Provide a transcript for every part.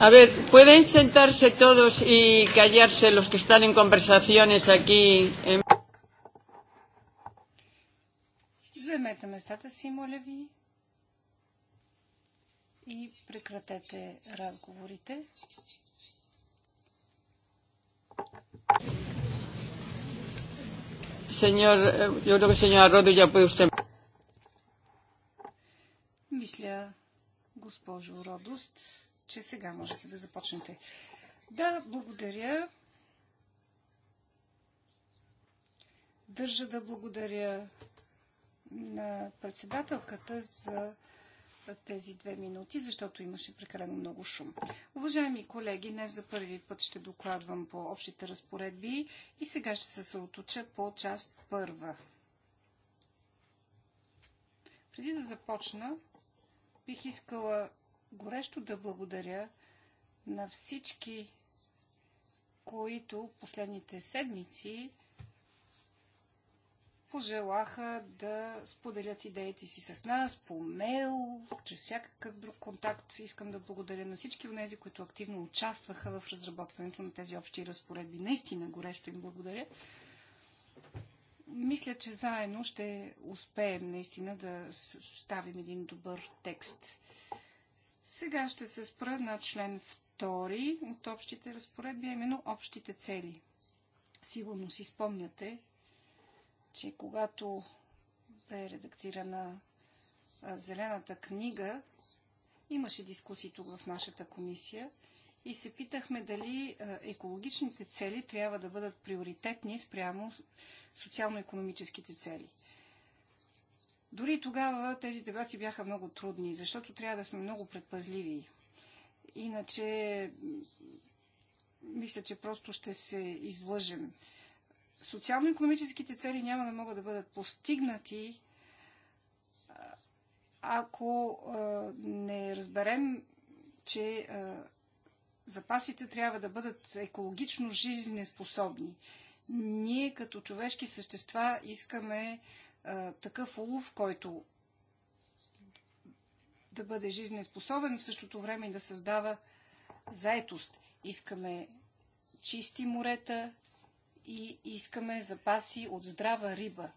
A ver, pueden sentarse todos y callarse los que están en conversaciones aquí. En... Вземете местата си, моля ви. И прекратете разговорите. Señor, eh, yo creo que señora Rodo ya puede usted. Мисля, госпожо Родост, че сега можете да започнете. Да, благодаря. Държа да благодаря на председателката за тези две минути, защото имаше прекалено много шум. Уважаеми колеги, днес за първи път ще докладвам по общите разпоредби и сега ще се съоточа по част първа. Преди да започна, бих искала горещо да благодаря на всички, които последните седмици пожелаха да споделят идеите си с нас по мейл, чрез всякакъв друг контакт. Искам да благодаря на всички от тези, които активно участваха в разработването на тези общи разпоредби. Наистина горещо им благодаря. Мисля, че заедно ще успеем наистина да ставим един добър текст. Сега ще се спра на член 2 от общите разпоредби, а именно общите цели. Сигурно си спомняте, че когато бе редактирана Зелената книга, имаше дискусии тук в нашата комисия и се питахме дали екологичните цели трябва да бъдат приоритетни спрямо социално-економическите цели. Дори тогава тези дебати бяха много трудни, защото трябва да сме много предпазливи. Иначе, мисля, че просто ще се излъжем социално-економическите цели няма да могат да бъдат постигнати, ако не разберем, че запасите трябва да бъдат екологично жизнеспособни. Ние като човешки същества искаме а, такъв улов, който да бъде жизнеспособен, в същото време и да създава заетост. Искаме чисти морета, и искаме запаси от здрава риба.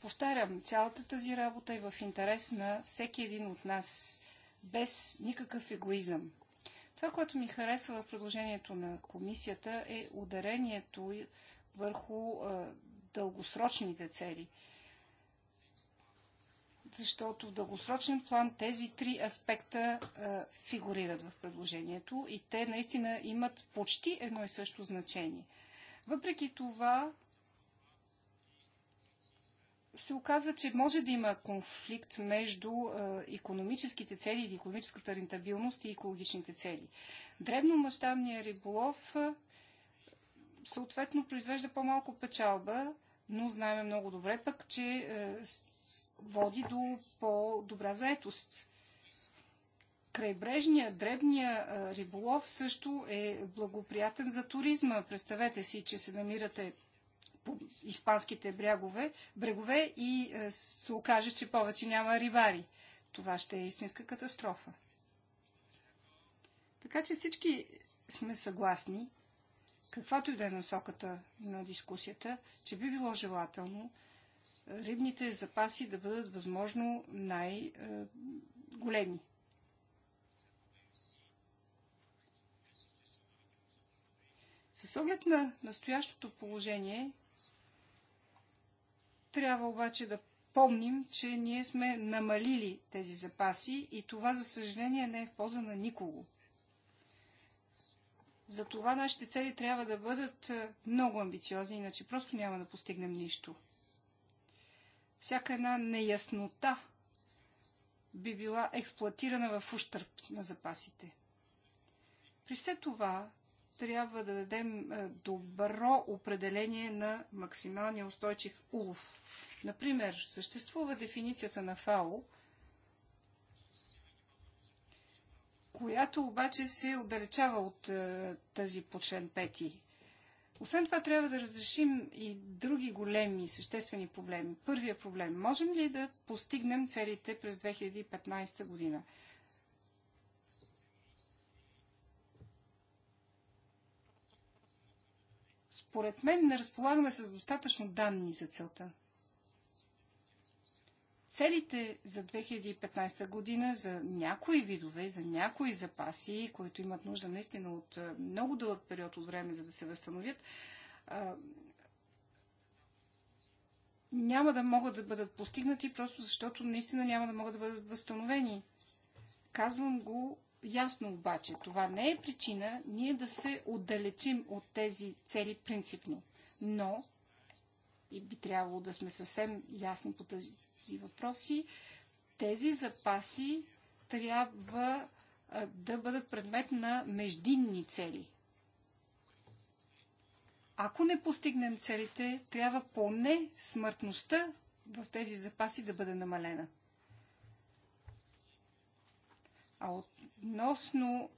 Повтарям, цялата тази работа е в интерес на всеки един от нас, без никакъв егоизъм. Това, което ми харесва в предложението на комисията е ударението върху а, дългосрочните цели. Защото в дългосрочен план тези три аспекта а, фигурират в предложението и те наистина имат почти едно и също значение – въпреки това, се оказва, че може да има конфликт между економическите цели или економическата рентабилност и екологичните цели. Дребномащабният риболов съответно произвежда по-малко печалба, но знаем много добре пък, че води до по-добра заетост крайбрежния, дребния риболов също е благоприятен за туризма. Представете си, че се намирате по испанските брягове, брегове и се окаже, че повече няма рибари. Това ще е истинска катастрофа. Така че всички сме съгласни, каквато и да е насоката на дискусията, че би било желателно рибните запаси да бъдат възможно най-големи. С оглед на настоящото положение, трябва обаче да помним, че ние сме намалили тези запаси и това, за съжаление, не е в полза на никого. За това нашите цели трябва да бъдат е, много амбициозни, иначе просто няма да постигнем нищо. Всяка една неяснота би била експлуатирана в ущърп на запасите. При все това трябва да дадем е, добро определение на максималния устойчив улов. Например, съществува дефиницията на ФАО, която обаче се отдалечава от е, тази по член 5. Освен това, трябва да разрешим и други големи съществени проблеми. Първия проблем. Можем ли да постигнем целите през 2015 година? според мен не разполагаме с достатъчно данни за целта. Целите за 2015 година за някои видове, за някои запаси, които имат нужда наистина от много дълъг период от време, за да се възстановят, няма да могат да бъдат постигнати, просто защото наистина няма да могат да бъдат възстановени. Казвам го Ясно обаче, това не е причина ние да се отдалечим от тези цели принципно. Но, и би трябвало да сме съвсем ясни по тези въпроси, тези запаси трябва да бъдат предмет на междинни цели. Ако не постигнем целите, трябва поне смъртността в тези запаси да бъде намалена. А относно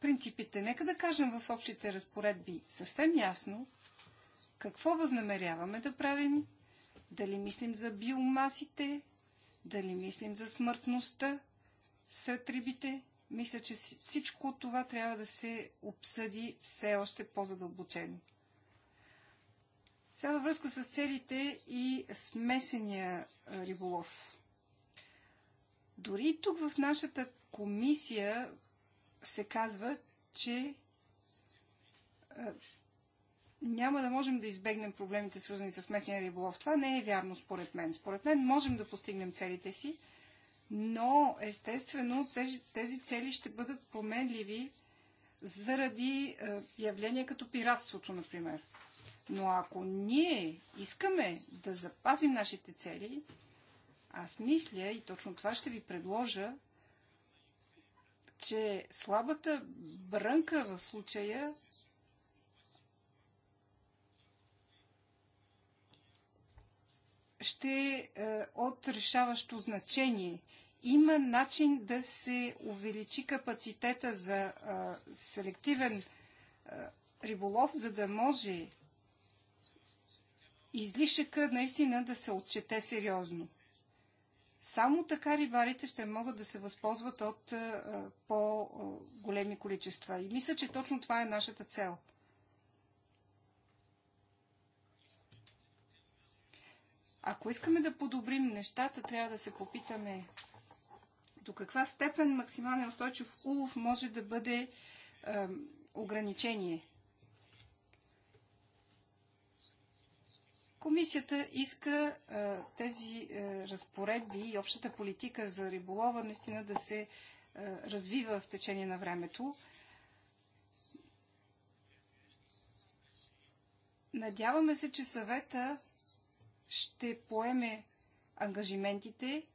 принципите, нека да кажем в общите разпоредби съвсем ясно какво възнамеряваме да правим, дали мислим за биомасите, дали мислим за смъртността сред рибите. Мисля, че всичко това трябва да се обсъди все още по-задълбочено. Сега във връзка с целите и смесения риболов. Дори тук в нашата комисия се казва, че а, няма да можем да избегнем проблемите, свързани с местния риболов. Това не е вярно, според мен. Според мен можем да постигнем целите си, но естествено тези, тези цели ще бъдат променливи заради а, явления като пиратството, например. Но ако ние искаме да запазим нашите цели, аз мисля, и точно това ще ви предложа, че слабата брънка в случая ще е от решаващо значение. Има начин да се увеличи капацитета за а, е, селективен а, е, риболов, за да може излишъка наистина да се отчете сериозно. Само така рибарите ще могат да се възползват от е, е, по-големи количества. И мисля, че точно това е нашата цел. Ако искаме да подобрим нещата, трябва да се попитаме до каква степен максимален устойчив улов може да бъде е, ограничение. Комисията иска а, тези а, разпоредби и общата политика за риболова наистина да се а, развива в течение на времето. Надяваме се, че съвета ще поеме ангажиментите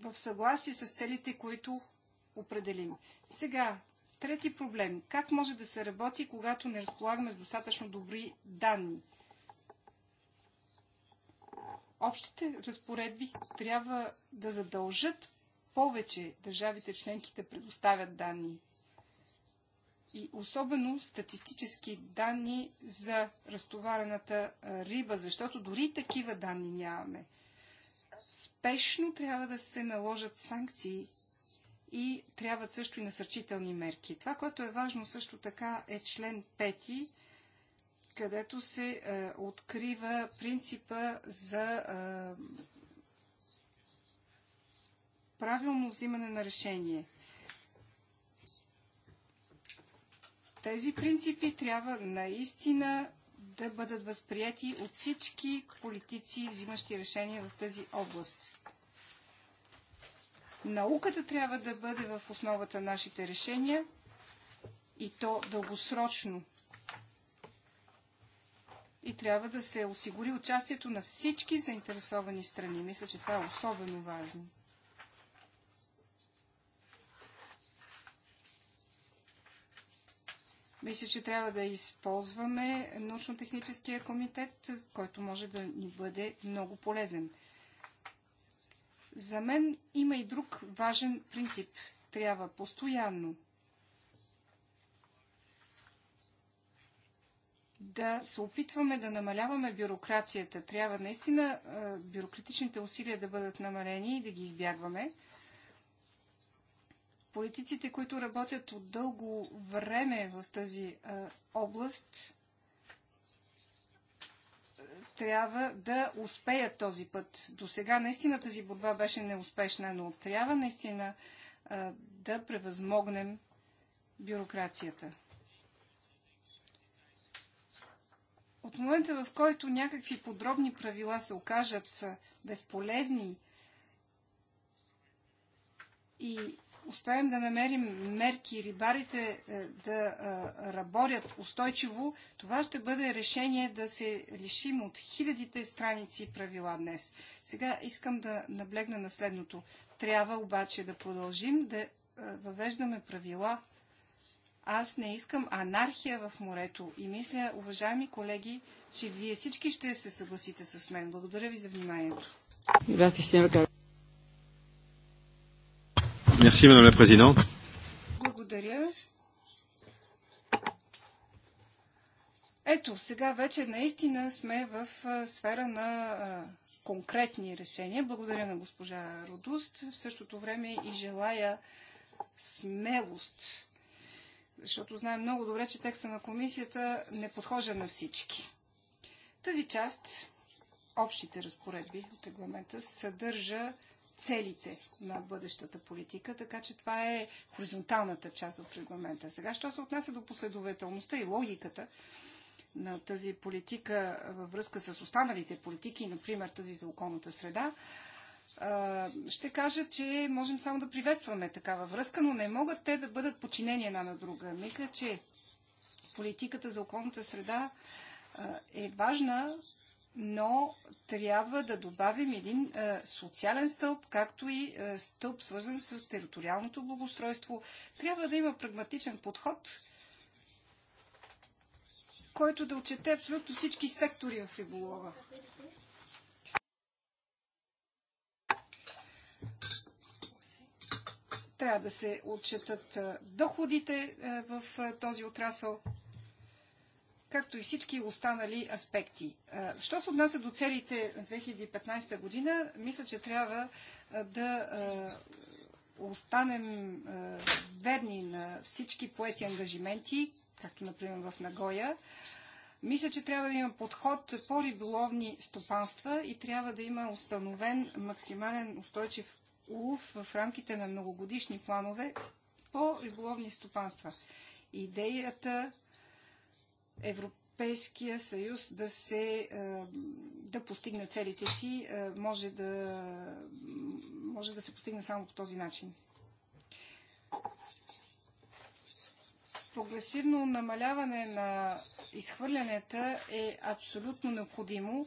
в съгласие с целите, които определим. Сега Трети проблем. Как може да се работи, когато не разполагаме с достатъчно добри данни? Общите разпоредби трябва да задължат повече държавите членки да предоставят данни. И особено статистически данни за разтоварената риба, защото дори такива данни нямаме. Спешно трябва да се наложат санкции и трябват също и насърчителни мерки. Това, което е важно също така е член 5, където се е, открива принципа за е, правилно взимане на решение. Тези принципи трябва наистина да бъдат възприяти от всички политици, взимащи решения в тази област. Науката трябва да бъде в основата нашите решения и то дългосрочно. И трябва да се осигури участието на всички заинтересовани страни. Мисля, че това е особено важно. Мисля, че трябва да използваме научно-техническия комитет, който може да ни бъде много полезен. За мен има и друг важен принцип. Трябва постоянно да се опитваме да намаляваме бюрокрацията. Трябва наистина бюрократичните усилия да бъдат намалени и да ги избягваме. Политиците, които работят от дълго време в тази област, трябва да успеят този път. До сега наистина тази борба беше неуспешна, но трябва наистина да превъзмогнем бюрокрацията. От момента, в който някакви подробни правила се окажат безполезни и успеем да намерим мерки и рибарите е, да е, работят устойчиво, това ще бъде решение да се лишим от хилядите страници правила днес. Сега искам да наблегна на следното. Трябва обаче да продължим да е, въвеждаме правила. Аз не искам анархия в морето и мисля, уважаеми колеги, че вие всички ще се съгласите с мен. Благодаря ви за вниманието. Gracias, señor Merci, madame la présidente. Благодаря. Ето, сега вече наистина сме в сфера на конкретни решения. Благодаря на госпожа Родуст. В същото време и желая смелост. Защото знаем много добре, че текста на комисията не подхожа на всички. Тази част, общите разпоредби от регламента, съдържа целите на бъдещата политика, така че това е хоризонталната част от регламента. Сега, що се отнася до последователността и логиката на тази политика във връзка с останалите политики, например тази за околната среда, ще кажа, че можем само да приветстваме такава връзка, но не могат те да бъдат подчинени една на друга. Мисля, че политиката за околната среда е важна но трябва да добавим един а, е, социален стълб, както и а, е, стълб свързан с териториалното благоустройство. Трябва да има прагматичен подход, който да отчете абсолютно всички сектори в риболова. Трябва да се отчетат е, доходите в този отрасъл както и всички останали аспекти. Е, що се отнася до целите 2015 година, мисля, че трябва е, да е, останем верни на всички поети ангажименти, както например в Нагоя. Мисля, че трябва да има подход по риболовни стопанства и трябва да има установен максимален устойчив улов в рамките на многогодишни планове по риболовни стопанства. Идеята Европейския съюз да се е, да постигне целите си е, може да, може да се постигне само по този начин. Прогресивно намаляване на изхвърлянията е абсолютно необходимо,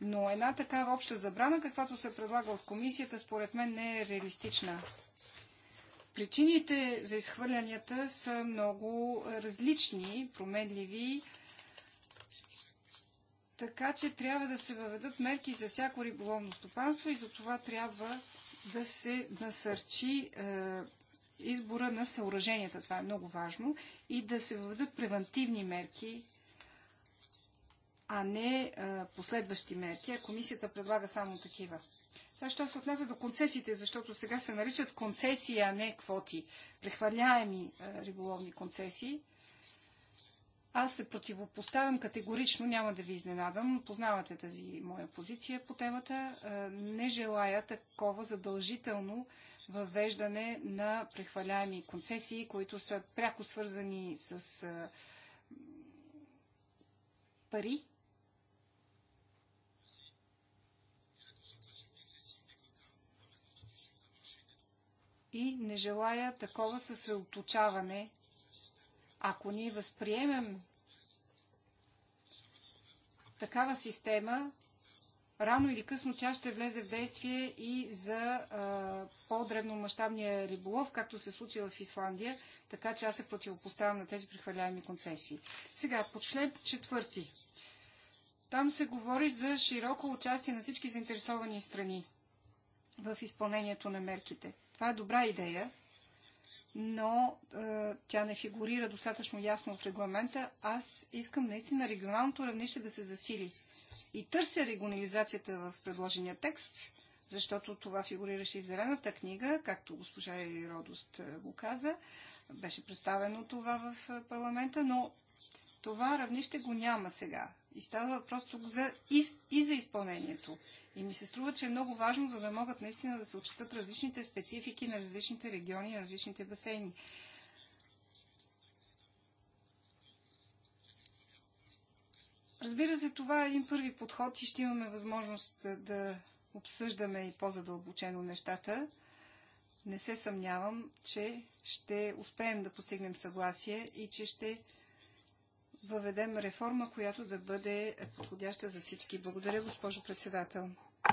но една такава обща забрана, каквато се предлага от комисията, според мен не е реалистична. Причините за изхвърлянията са много различни, променливи, така че трябва да се въведат мерки за всяко риболовно стопанство и за това трябва да се насърчи е, избора на съоръженията. Това е много важно. И да се въведат превентивни мерки а не а, последващи мерки, а комисията предлага само такива. Сега ще се отнася до концесиите, защото сега се наричат концесии, а не квоти. Прехвърляеми риболовни концесии. Аз се противопоставям категорично, няма да ви изненадам. Познавате тази моя позиция по темата. Не желая такова задължително въвеждане на прехваляеми концесии, които са пряко свързани с пари и не желая такова съсредоточаване. Ако ние възприемем такава система, рано или късно тя ще влезе в действие и за по-древномащабния риболов, както се случи в Исландия, така че аз се противопоставям на тези прехвърляеми концесии. Сега, по член четвърти. Там се говори за широко участие на всички заинтересовани страни в изпълнението на мерките – това е добра идея, но е, тя не фигурира достатъчно ясно в регламента. Аз искам наистина регионалното равнище да се засили. И търся регионализацията в предложения текст, защото това фигурираше и в Зелената книга, както госпожа Родост е, го каза. Беше представено това в е, парламента, но това равнище го няма сега. И става въпрос тук за, и, и за изпълнението. И ми се струва, че е много важно, за да могат наистина да се отчитат различните специфики на различните региони, на различните басейни. Разбира се, това е един първи подход и ще имаме възможност да обсъждаме и по-задълбочено нещата. Не се съмнявам, че ще успеем да постигнем съгласие и че ще въведем реформа, която да бъде подходяща за всички. Благодаря, госпожо председател.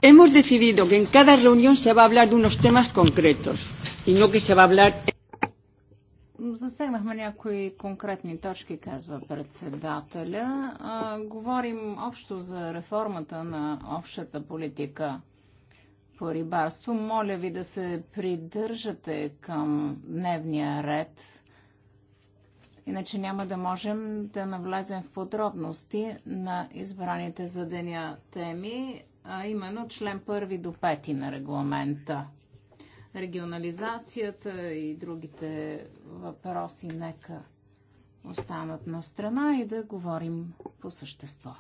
Hemos decidido que en cada reunión se va a hablar de unos temas concretos y no que se va a hablar Засегнахме някои конкретни точки, казва председателя. А, говорим общо за реформата на общата политика по рибарство. Моля ви да се придържате към дневния ред Иначе няма да можем да навлезем в подробности на избраните за деня теми, а именно член 1 до 5 на регламента. Регионализацията и другите въпроси нека останат на страна и да говорим по същество.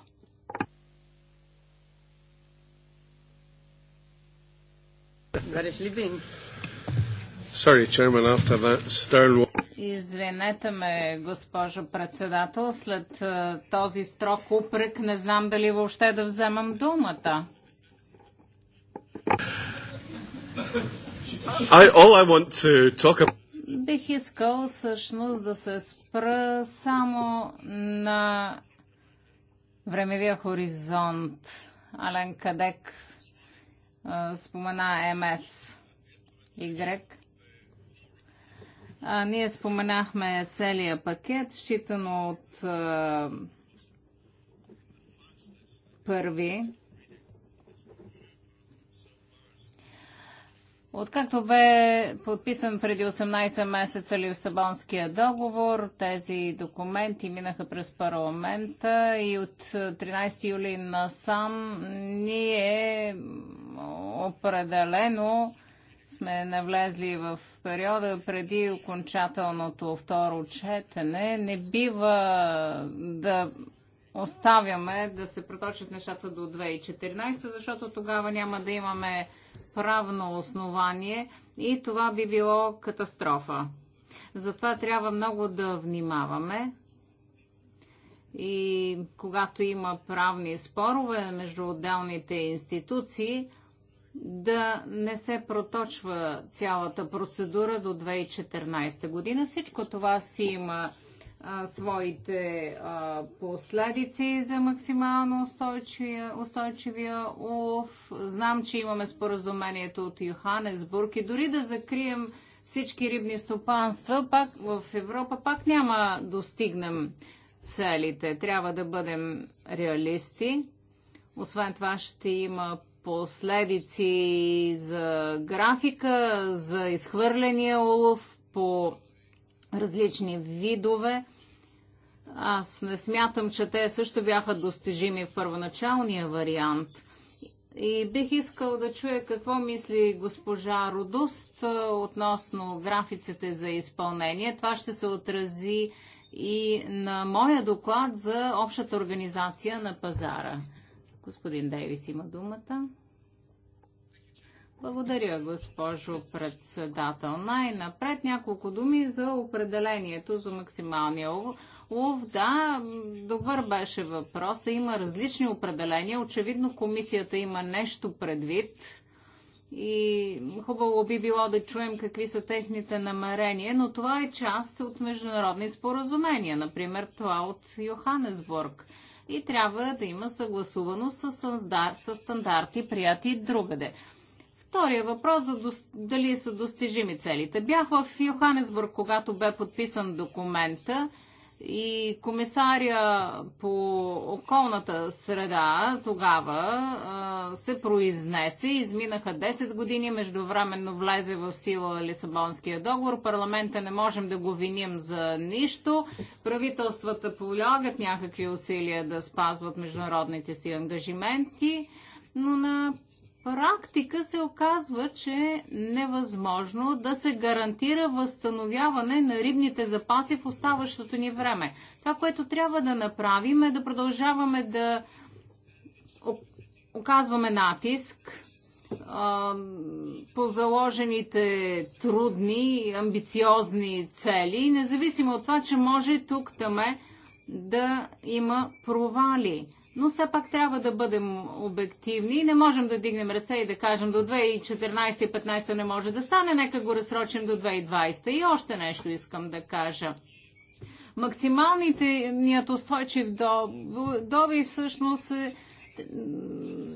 Sorry, Chairman, after that stern Извинете ме, госпожо председател, след е, този строк упрек не знам дали въобще да вземам думата. I, all I want to talk about... Бих искал всъщност да се спра само на времевия хоризонт. Ален Кадек е, спомена МС. Y. А, ние споменахме целия пакет, считано от а, първи. Откакто бе подписан преди 18 месеца Лисабонския договор, тези документи минаха през парламента и от 13 юли насам ние определено сме навлезли в периода преди окончателното второ четене. Не бива да оставяме да се проточат нещата до 2014, защото тогава няма да имаме правно основание и това би било катастрофа. Затова трябва много да внимаваме. И когато има правни спорове между отделните институции, да не се проточва цялата процедура до 2014 година. Всичко това си има а, своите а, последици за максимално устойчивия, устойчивия улов. Знам, че имаме споразумението от Йоханесбург и дори да закрием всички рибни стопанства, пак в Европа пак няма достигнем целите. Трябва да бъдем реалисти. Освен това ще има последици за графика, за изхвърления улов по различни видове. Аз не смятам, че те също бяха достижими в първоначалния вариант. И бих искал да чуя какво мисли госпожа Рудост, относно графиците за изпълнение. Това ще се отрази и на моя доклад за общата организация на пазара. Господин Дейвис има думата. Благодаря, госпожо председател. Най-напред няколко думи за определението за максималния лов. Да, добър беше въпрос. Има различни определения. Очевидно комисията има нещо предвид. И хубаво би било да чуем какви са техните намерения, но това е част от международни споразумения, например това от Йоханесбург и трябва да има съгласуваност с стандарти, прияти другаде. Втория въпрос за дали са достижими целите. Бях в Йоханесбург, когато бе подписан документа и комисаря по околната среда тогава се произнесе. Изминаха 10 години, междувременно влезе в сила Лисабонския договор. Парламента не можем да го виним за нищо. Правителствата полагат някакви усилия да спазват международните си ангажименти, но на практика се оказва, че е невъзможно да се гарантира възстановяване на рибните запаси в оставащото ни време. Това, което трябва да направим е да продължаваме да оказваме натиск по заложените трудни, амбициозни цели, независимо от това, че може тук-таме да има провали. Но все пак трябва да бъдем обективни и не можем да дигнем ръце и да кажем до 2014 и 2015 не може да стане, нека го разсрочим до 2020. И още нещо искам да кажа. Максималните ният устойчив доби всъщност е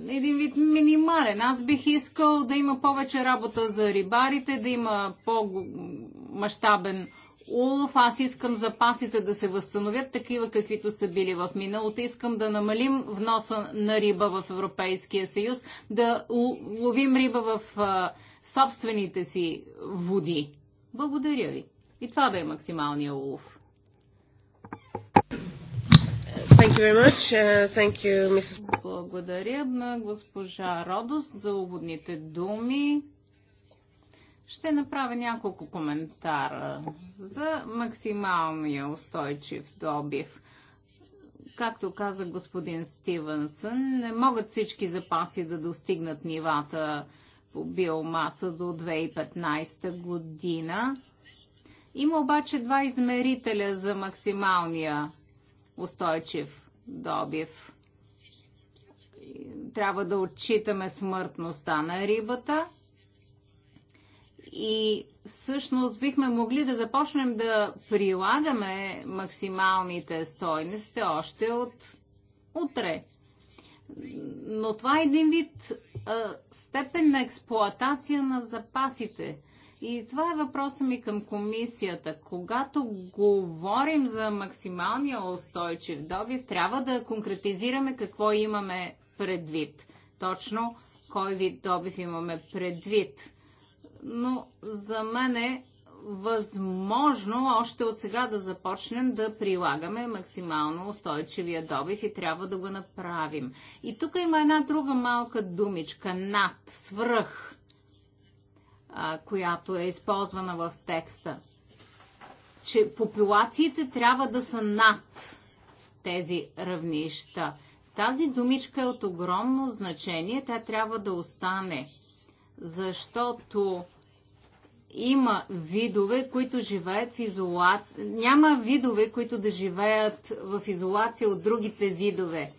един вид минимален. Аз бих искал да има повече работа за рибарите, да има по-масштабен улов. Аз искам запасите да се възстановят такива, каквито са били в миналото. Искам да намалим вноса на риба в Европейския съюз, да ловим риба в собствените си води. Благодаря ви. И това да е максималния улов. Thank you very much. Uh, thank you, Mrs. Благодаря на госпожа Родост за уводните думи. Ще направя няколко коментара за максималния устойчив добив. Както каза господин Стивенсън, не могат всички запаси да достигнат нивата по биомаса до 2015 година. Има обаче два измерителя за максималния устойчив добив. Трябва да отчитаме смъртността на рибата – и всъщност бихме могли да започнем да прилагаме максималните стойности още от утре. Но това е един вид а, степен на експлоатация на запасите. И това е въпросът ми към комисията. Когато говорим за максималния устойчив добив, трябва да конкретизираме какво имаме предвид. Точно кой вид добив имаме предвид но за мен е възможно още от сега да започнем да прилагаме максимално устойчивия добив и трябва да го направим. И тук има една друга малка думичка над, свръх, която е използвана в текста. Че популациите трябва да са над тези равнища. Тази думичка е от огромно значение. Тя трябва да остане, защото има видове, които живеят в изолация. Няма видове, които да живеят в изолация от другите видове.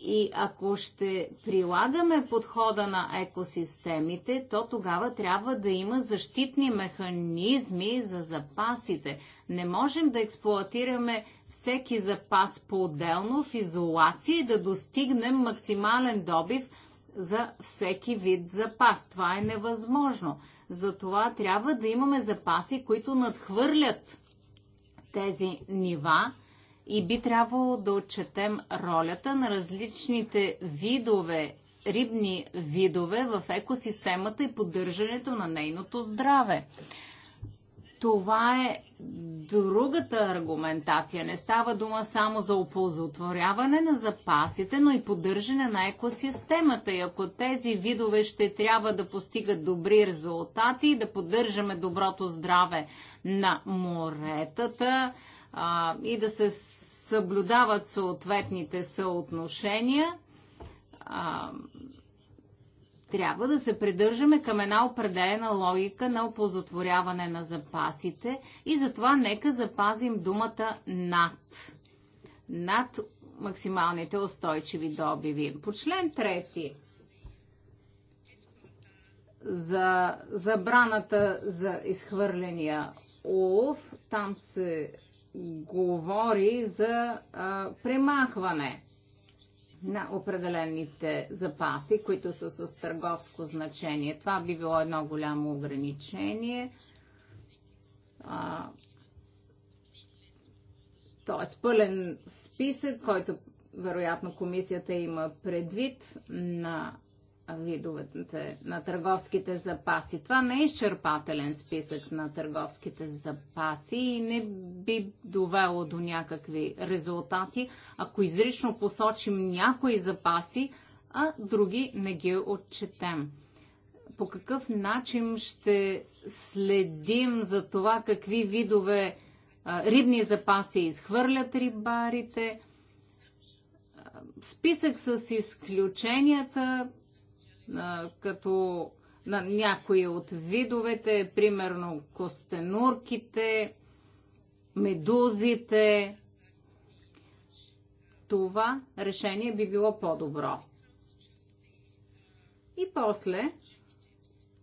И ако ще прилагаме подхода на екосистемите, то тогава трябва да има защитни механизми за запасите. Не можем да експлуатираме всеки запас по-отделно в изолация и да достигнем максимален добив за всеки вид запас. Това е невъзможно. Затова трябва да имаме запаси, които надхвърлят тези нива и би трябвало да отчетем ролята на различните видове, рибни видове в екосистемата и поддържането на нейното здраве. Това е другата аргументация. Не става дума само за оползотворяване на запасите, но и поддържане на екосистемата. И ако тези видове ще трябва да постигат добри резултати и да поддържаме доброто здраве на моретата а, и да се съблюдават съответните съотношения, а, трябва да се придържаме към една определена логика на оползотворяване на запасите и затова нека запазим думата над. Над максималните устойчиви добиви. По член 3 за забраната за изхвърления улов, там се говори за а, премахване – на определените запаси, които са с търговско значение. Това би било едно голямо ограничение. Тоест пълен списък, който вероятно комисията има предвид на Видовете на търговските запаси. Това не е изчерпателен списък на търговските запаси и не би довело до някакви резултати, ако изрично посочим някои запаси, а други не ги отчетем. По какъв начин ще следим за това какви видове рибни запаси изхвърлят рибарите? Списък с изключенията като на някои от видовете, примерно костенурките, медузите. Това решение би било по-добро. И после,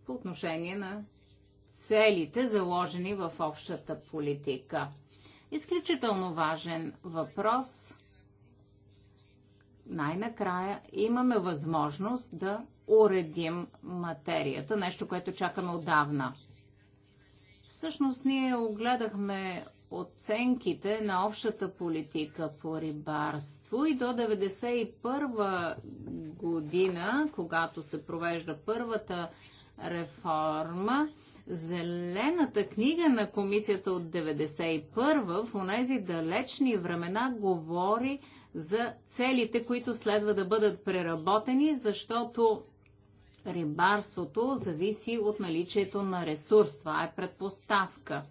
по отношение на целите, заложени в общата политика. Изключително важен въпрос. Най-накрая имаме възможност да уредим материята, нещо, което чакаме отдавна. Всъщност ние огледахме оценките на общата политика по рибарство и до 1991 година, когато се провежда първата реформа, зелената книга на комисията от 1991 в тези далечни времена говори за целите, които следва да бъдат преработени, защото рибарството зависи от наличието на ресурс. Това е предпоставка.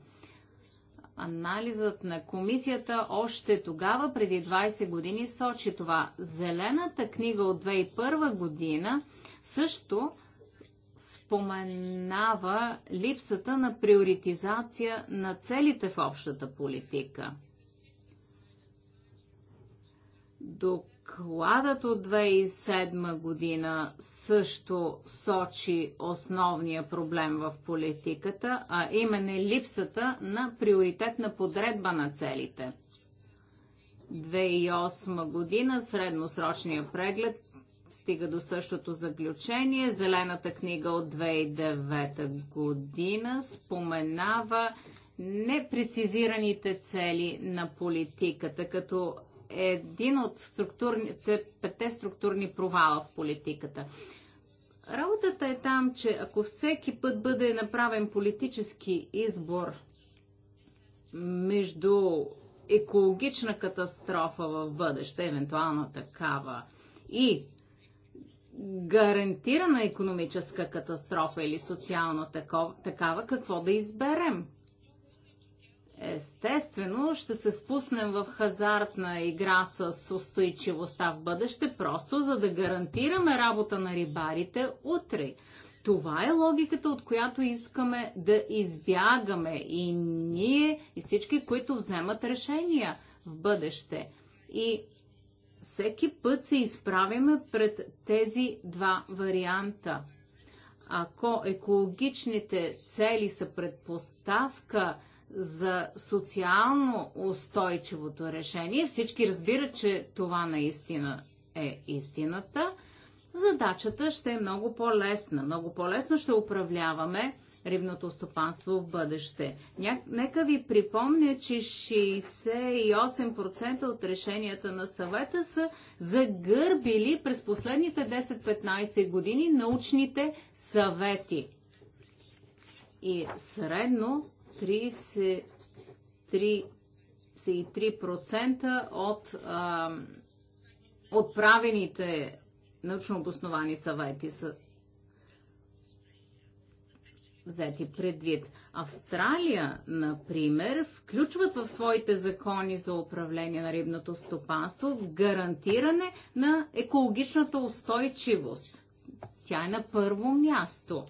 Анализът на комисията още тогава, преди 20 години, сочи това. Зелената книга от 2001 година също споменава липсата на приоритизация на целите в общата политика. До Докладът от 2007 година също сочи основния проблем в политиката, а именно липсата на приоритетна подредба на целите. 2008 година средносрочния преглед стига до същото заключение. Зелената книга от 2009 година споменава непрецизираните цели на политиката като един от структурните, пете структурни провала в политиката. Работата е там, че ако всеки път бъде направен политически избор между екологична катастрофа в бъдеще, евентуална такава, и гарантирана економическа катастрофа или социална такова, такава, какво да изберем? Естествено, ще се впуснем в хазартна игра с устойчивостта в бъдеще, просто за да гарантираме работа на рибарите утре. Това е логиката, от която искаме да избягаме и ние, и всички, които вземат решения в бъдеще. И всеки път се изправяме пред тези два варианта. Ако екологичните цели са предпоставка, за социално устойчивото решение. Всички разбират, че това наистина е истината. Задачата ще е много по-лесна. Много по-лесно ще управляваме рибното стопанство в бъдеще. Ня... Нека ви припомня, че 68% от решенията на съвета са загърбили през последните 10-15 години научните съвети. И средно 33% от а, отправените научно обосновани съвети са взети предвид. Австралия, например, включват в своите закони за управление на рибното стопанство гарантиране на екологичната устойчивост. Тя е на първо място.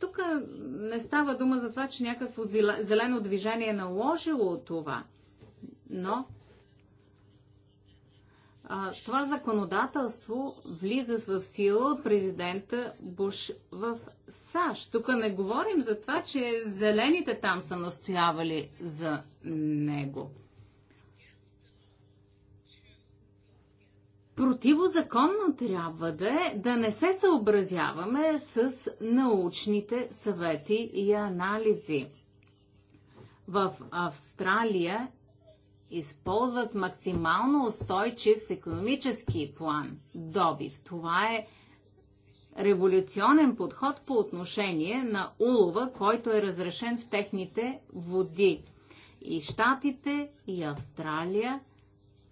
Тук не става дума за това, че някакво зелено движение е наложило това, но а, това законодателство влиза в сила от президента Буш в САЩ. Тук не говорим за това, че зелените там са настоявали за него. противозаконно трябва да е да не се съобразяваме с научните съвети и анализи. В Австралия използват максимално устойчив економически план добив. Това е революционен подход по отношение на улова, който е разрешен в техните води. И Штатите, и Австралия –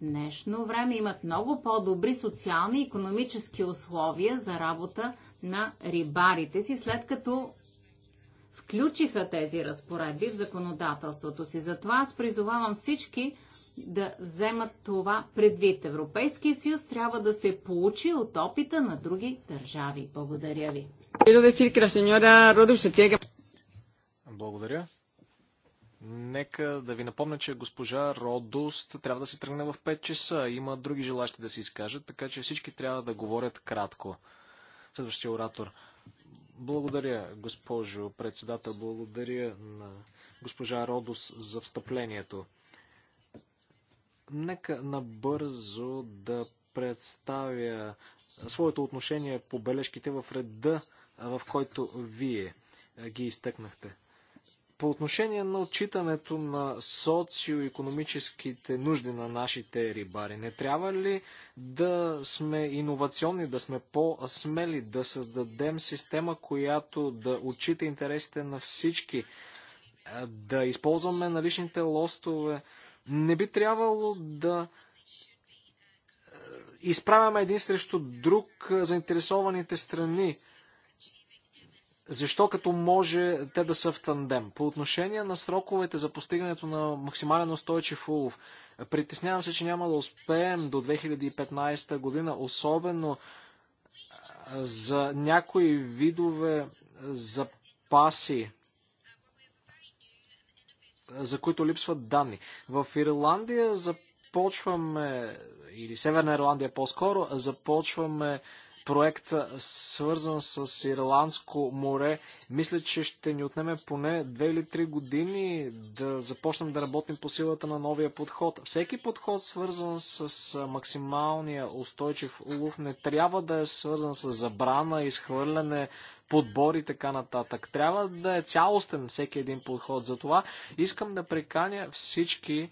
днешно време имат много по-добри социални и економически условия за работа на рибарите си, след като включиха тези разпоредби в законодателството си. Затова аз призовавам всички да вземат това предвид. Европейския съюз трябва да се получи от опита на други държави. Благодаря ви. Благодаря. Нека да ви напомня, че госпожа Родост трябва да се тръгне в 5 часа. Има други желащи да се изкажат, така че всички трябва да говорят кратко. Следващия оратор. Благодаря, госпожо председател. Благодаря на госпожа родост за встъплението. Нека набързо да представя своето отношение по бележките в реда, в който вие ги изтъкнахте. По отношение на отчитането на социо-економическите нужди на нашите рибари, не трябва ли да сме иновационни, да сме по-смели, да създадем система, която да отчита интересите на всички, е, да използваме наличните лостове? Не би трябвало да е, изправяме един срещу друг е, заинтересованите страни защо като може те да са в тандем? По отношение на сроковете за постигането на максимален устойчив улов, притеснявам се, че няма да успеем до 2015 година, особено за някои видове запаси, за които липсват данни. В Ирландия започваме, или Северна Ирландия по-скоро, започваме проект, свързан с Ирландско море. Мисля, че ще ни отнеме поне 2 или 3 години да започнем да работим по силата на новия подход. Всеки подход, свързан с максималния устойчив улов, не трябва да е свързан с забрана, изхвърляне, подбор и така нататък. Трябва да е цялостен всеки един подход. Затова искам да приканя всички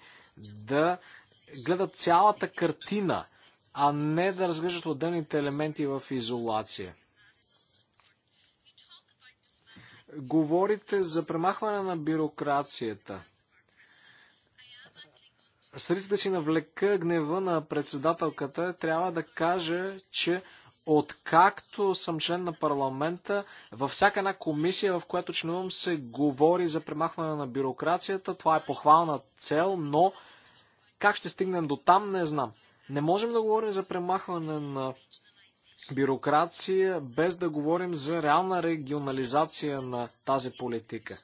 да гледат цялата картина – а не да разглеждат отделните елементи в изолация. Говорите за премахване на бюрокрацията. С да си навлека гнева на председателката, трябва да кажа, че откакто съм член на парламента, във всяка една комисия, в която членувам, се говори за премахване на бюрокрацията. Това е похвална цел, но как ще стигнем до там, не знам. Не можем да говорим за премахване на бюрокрация, без да говорим за реална регионализация на тази политика.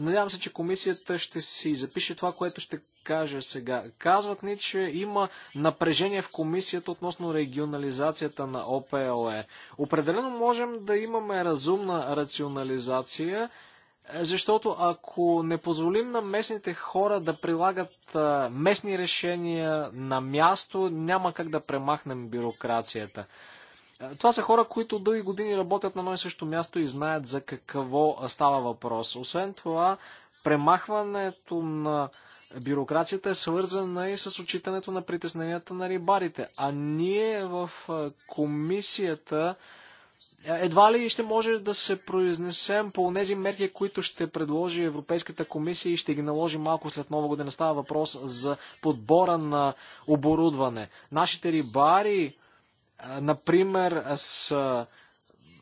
Надявам се, че комисията ще си запише това, което ще кажа сега. Казват ни, че има напрежение в комисията относно регионализацията на ОПОЕ. Определено можем да имаме разумна рационализация, е, защото ако не позволим на местните хора да прилагат е, местни решения на място, няма как да премахнем бюрокрацията. Е, това са хора, които дълги години работят на едно и също място и знаят за какво става въпрос. Освен това, премахването на бюрокрацията е свързана и с отчитането на притесненията на рибарите. А ние в комисията е, едва ли ще може да се произнесем по тези мерки, които ще предложи Европейската комисия и ще ги наложи малко след нова година. Става въпрос за подбора на оборудване. Нашите рибари, е, например, са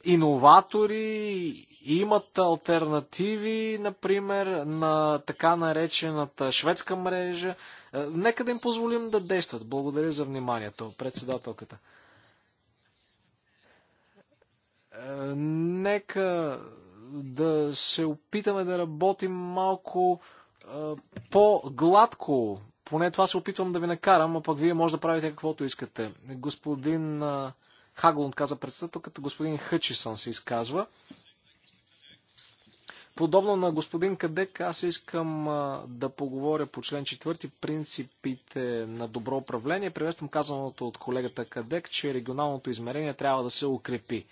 иноватори, имат альтернативи, например, на така наречената шведска мрежа. Е, нека да им позволим да действат. Благодаря за вниманието, председателката. Е, нека да се опитаме да работим малко е, по-гладко. Поне това се опитвам да ви накарам, а пък вие може да правите каквото искате. Господин е, Хаглунд каза председателката, господин Хъчисън се изказва. Подобно на господин Кадек, аз искам а, да поговоря по член 4 принципите на добро управление. Приветствам казаното от колегата Кадек, че регионалното измерение трябва да се укрепи.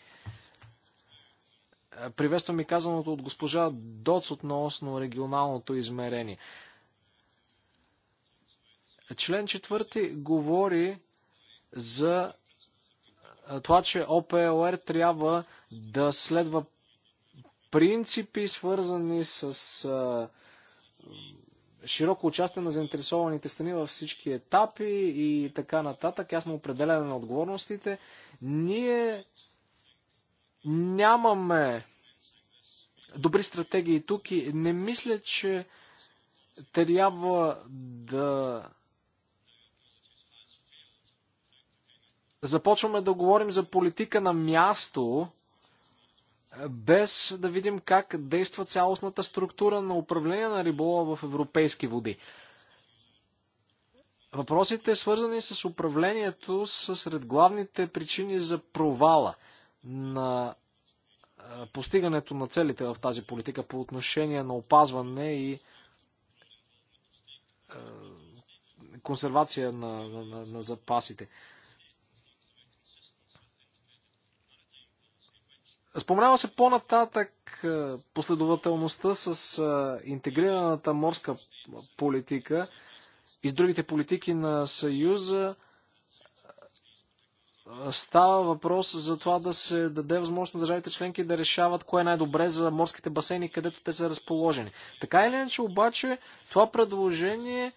Приветствам и казаното от госпожа Доц относно регионалното измерение. Член четвърти говори за това, че ОПЛР трябва да следва принципи, свързани с широко участие на заинтересованите страни във всички етапи и така нататък, ясно определяне на отговорностите. Ние Нямаме добри стратегии тук и не мисля, че трябва да започваме да говорим за политика на място, без да видим как действа цялостната структура на управление на риболова в европейски води. Въпросите, свързани с управлението, са сред главните причини за провала – на постигането на целите в тази политика по отношение на опазване и консервация на, на, на запасите. Споменава се по-нататък последователността с интегрираната морска политика и с другите политики на Съюза. Става въпрос за това да се даде възможност на държавите членки да решават кое е най-добре за морските басейни, където те са разположени. Така или иначе обаче това предложение е,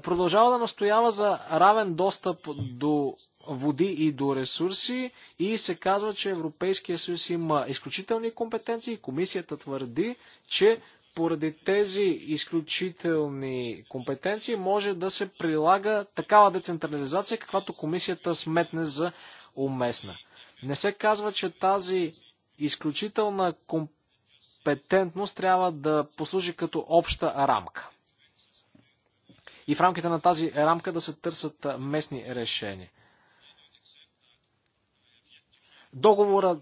продължава да настоява за равен достъп до води и до ресурси и се казва, че Европейския съюз има изключителни компетенции. и Комисията твърди, че поради тези изключителни компетенции може да се прилага такава децентрализация, каквато комисията сметне за уместна. Не се казва, че тази изключителна компетентност трябва да послужи като обща рамка. И в рамките на тази рамка да се търсят местни решения. Договора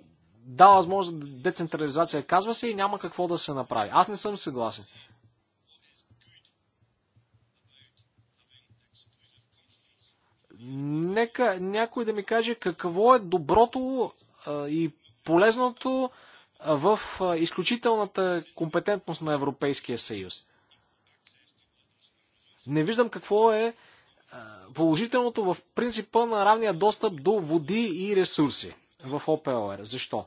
да, възможност за децентрализация, казва се и няма какво да се направи. Аз не съм съгласен. Нека някой да ми каже какво е доброто и полезното в изключителната компетентност на Европейския съюз. Не виждам какво е положителното в принципа на равния достъп до води и ресурси в ОПОР. Защо?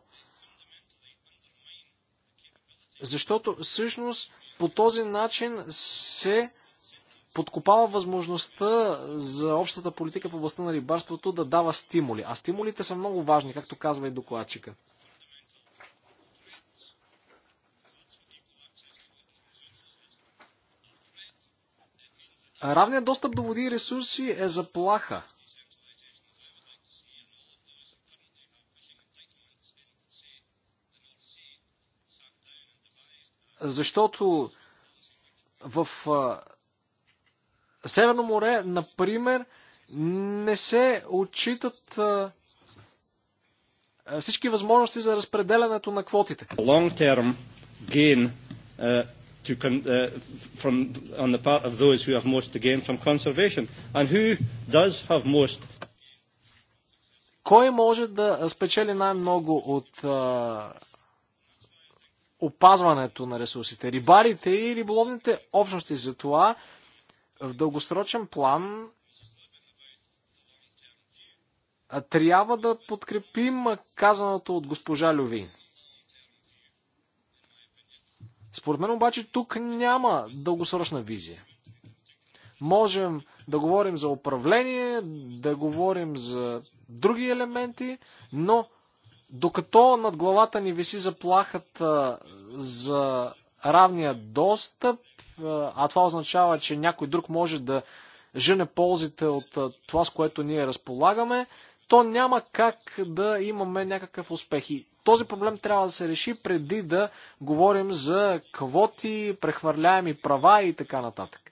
Защото всъщност по този начин се подкопава възможността за общата политика в областта на рибарството да дава стимули. А стимулите са много важни, както казва и докладчика. Равният достъп до води и ресурси е заплаха Защото в Северно море, например, не се отчитат всички възможности за разпределянето на квотите. Uh, to con, uh, from on the part of those who have most to gain from conservation, and who does have most. Кой може да спечели най-много от uh, опазването на ресурсите. Рибарите и риболовните общности. За това в дългосрочен план трябва да подкрепим казаното от госпожа Лювин. Според мен обаче тук няма дългосрочна визия. Можем да говорим за управление, да говорим за други елементи, но докато над главата ни виси заплахата за равния достъп, а това означава, че някой друг може да жене ползите от това, с което ние разполагаме, то няма как да имаме някакъв успех. И този проблем трябва да се реши преди да говорим за квоти, прехвърляеми права и така нататък.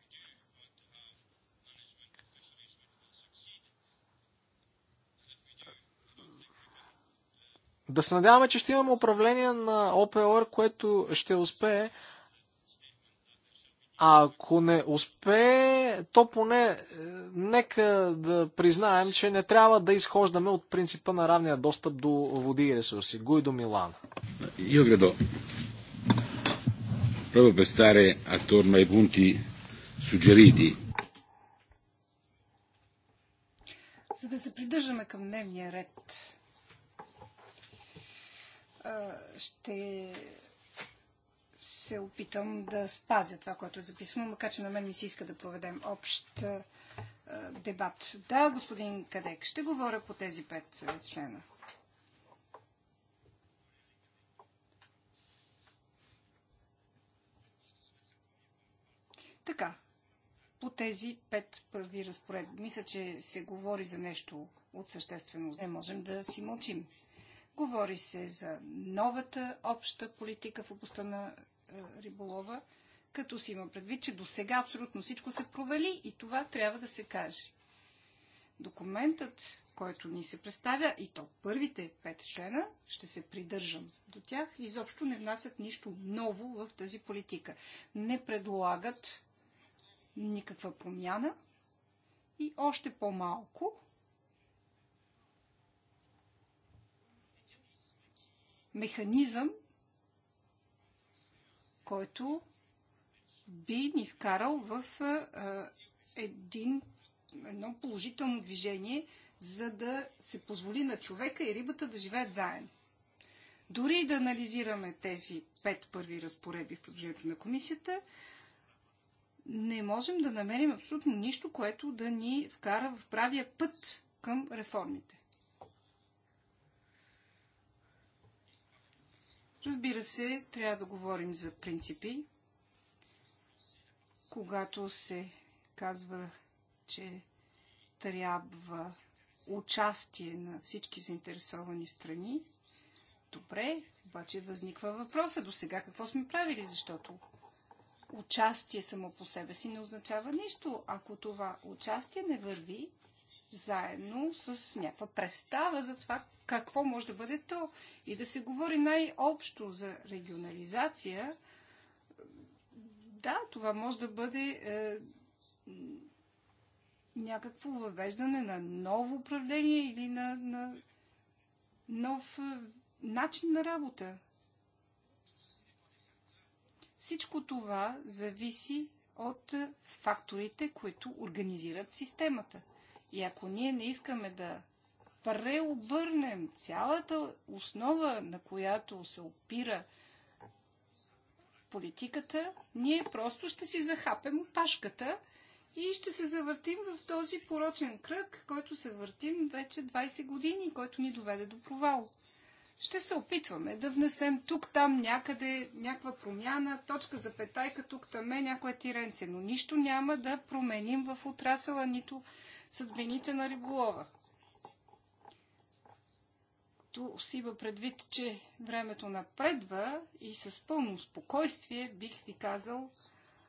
Да се надяваме, че ще имаме управление на ОПОР, което ще успее. А ако не успее, то поне е, нека да признаем, че не трябва да изхождаме от принципа на равния достъп до води и ресурси. до Милан. Io credo, proprio per stare attorno ai punti suggeriti, за да се придържаме към дневния ред ще се опитам да спазя това, което е записано, макар че на мен не се иска да проведем общ дебат. Да, господин Кадек, ще говоря по тези пет члена. Така, по тези пет първи разпоредби. Мисля, че се говори за нещо от съществено. Не можем да си мълчим. Говори се за новата обща политика в областта на е, риболова, като си има предвид, че до сега абсолютно всичко се провали и това трябва да се каже. Документът, който ни се представя, и то първите пет члена, ще се придържам до тях, изобщо не внасят нищо ново в тази политика. Не предлагат никаква промяна и още по-малко механизъм, който би ни вкарал в един, едно положително движение, за да се позволи на човека и рибата да живеят заедно. Дори да анализираме тези пет първи разпореди в предложението на комисията, не можем да намерим абсолютно нищо, което да ни вкара в правия път към реформите. Разбира се, трябва да говорим за принципи. Когато се казва, че трябва участие на всички заинтересовани страни, добре, обаче възниква въпроса до сега какво сме правили, защото участие само по себе си не означава нищо. Ако това участие не върви заедно с някаква представа за това какво може да бъде то. И да се говори най-общо за регионализация, да, това може да бъде е, някакво въвеждане на ново управление или на, на нов е, начин на работа. Всичко това зависи от факторите, които организират системата. И ако ние не искаме да преобърнем цялата основа, на която се опира политиката, ние просто ще си захапем опашката и ще се завъртим в този порочен кръг, който се въртим вече 20 години, който ни доведе до провал. Ще се опитваме да внесем тук-там някъде някаква промяна, точка за петайка, тук-там е някоя тиренце, но нищо няма да променим в отрасъла, нито съдбините на риболова като си има предвид, че времето напредва и с пълно спокойствие бих ви казал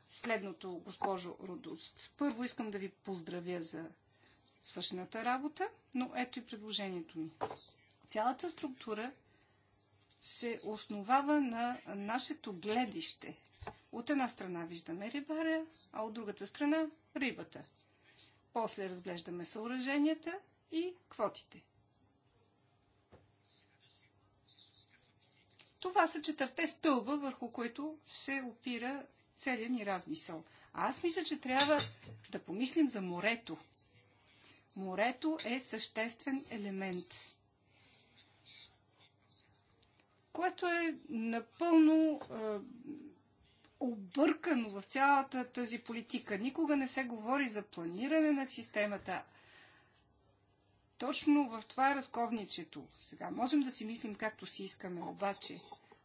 следното, госпожо Родост. Първо искам да ви поздравя за свършената работа, но ето и предложението ми. Цялата структура се основава на нашето гледище. От една страна виждаме рибаря, а от другата страна рибата. После разглеждаме съоръженията и квотите. Това са четвърте стълба, върху които се опира целият ни размисъл. А аз мисля, че трябва да помислим за морето. Морето е съществен елемент, което е напълно е, объркано в цялата тази политика. Никога не се говори за планиране на системата, точно в това е разковничето. Сега можем да си мислим както си искаме, обаче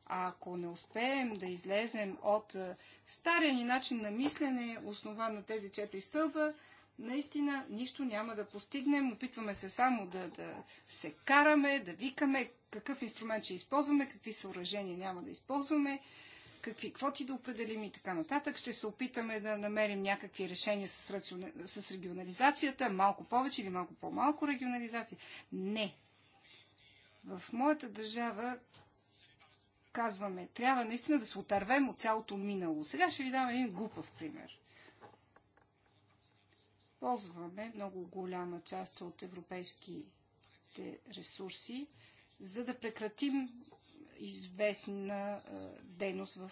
а ако не успеем да излезем от е, стария ни начин на мислене, основан на тези четири стълба, наистина нищо няма да постигнем. Опитваме се само да, да се караме, да викаме какъв инструмент ще използваме, какви съоръжения няма да използваме какви квоти да определим и така нататък. Ще се опитаме да намерим някакви решения с, рациона... с регионализацията, малко повече или малко по-малко регионализация. Не. В моята държава казваме, трябва наистина да се отървем от цялото минало. Сега ще ви дам един глупав пример. Ползваме много голяма част от европейските ресурси, за да прекратим известна дейност в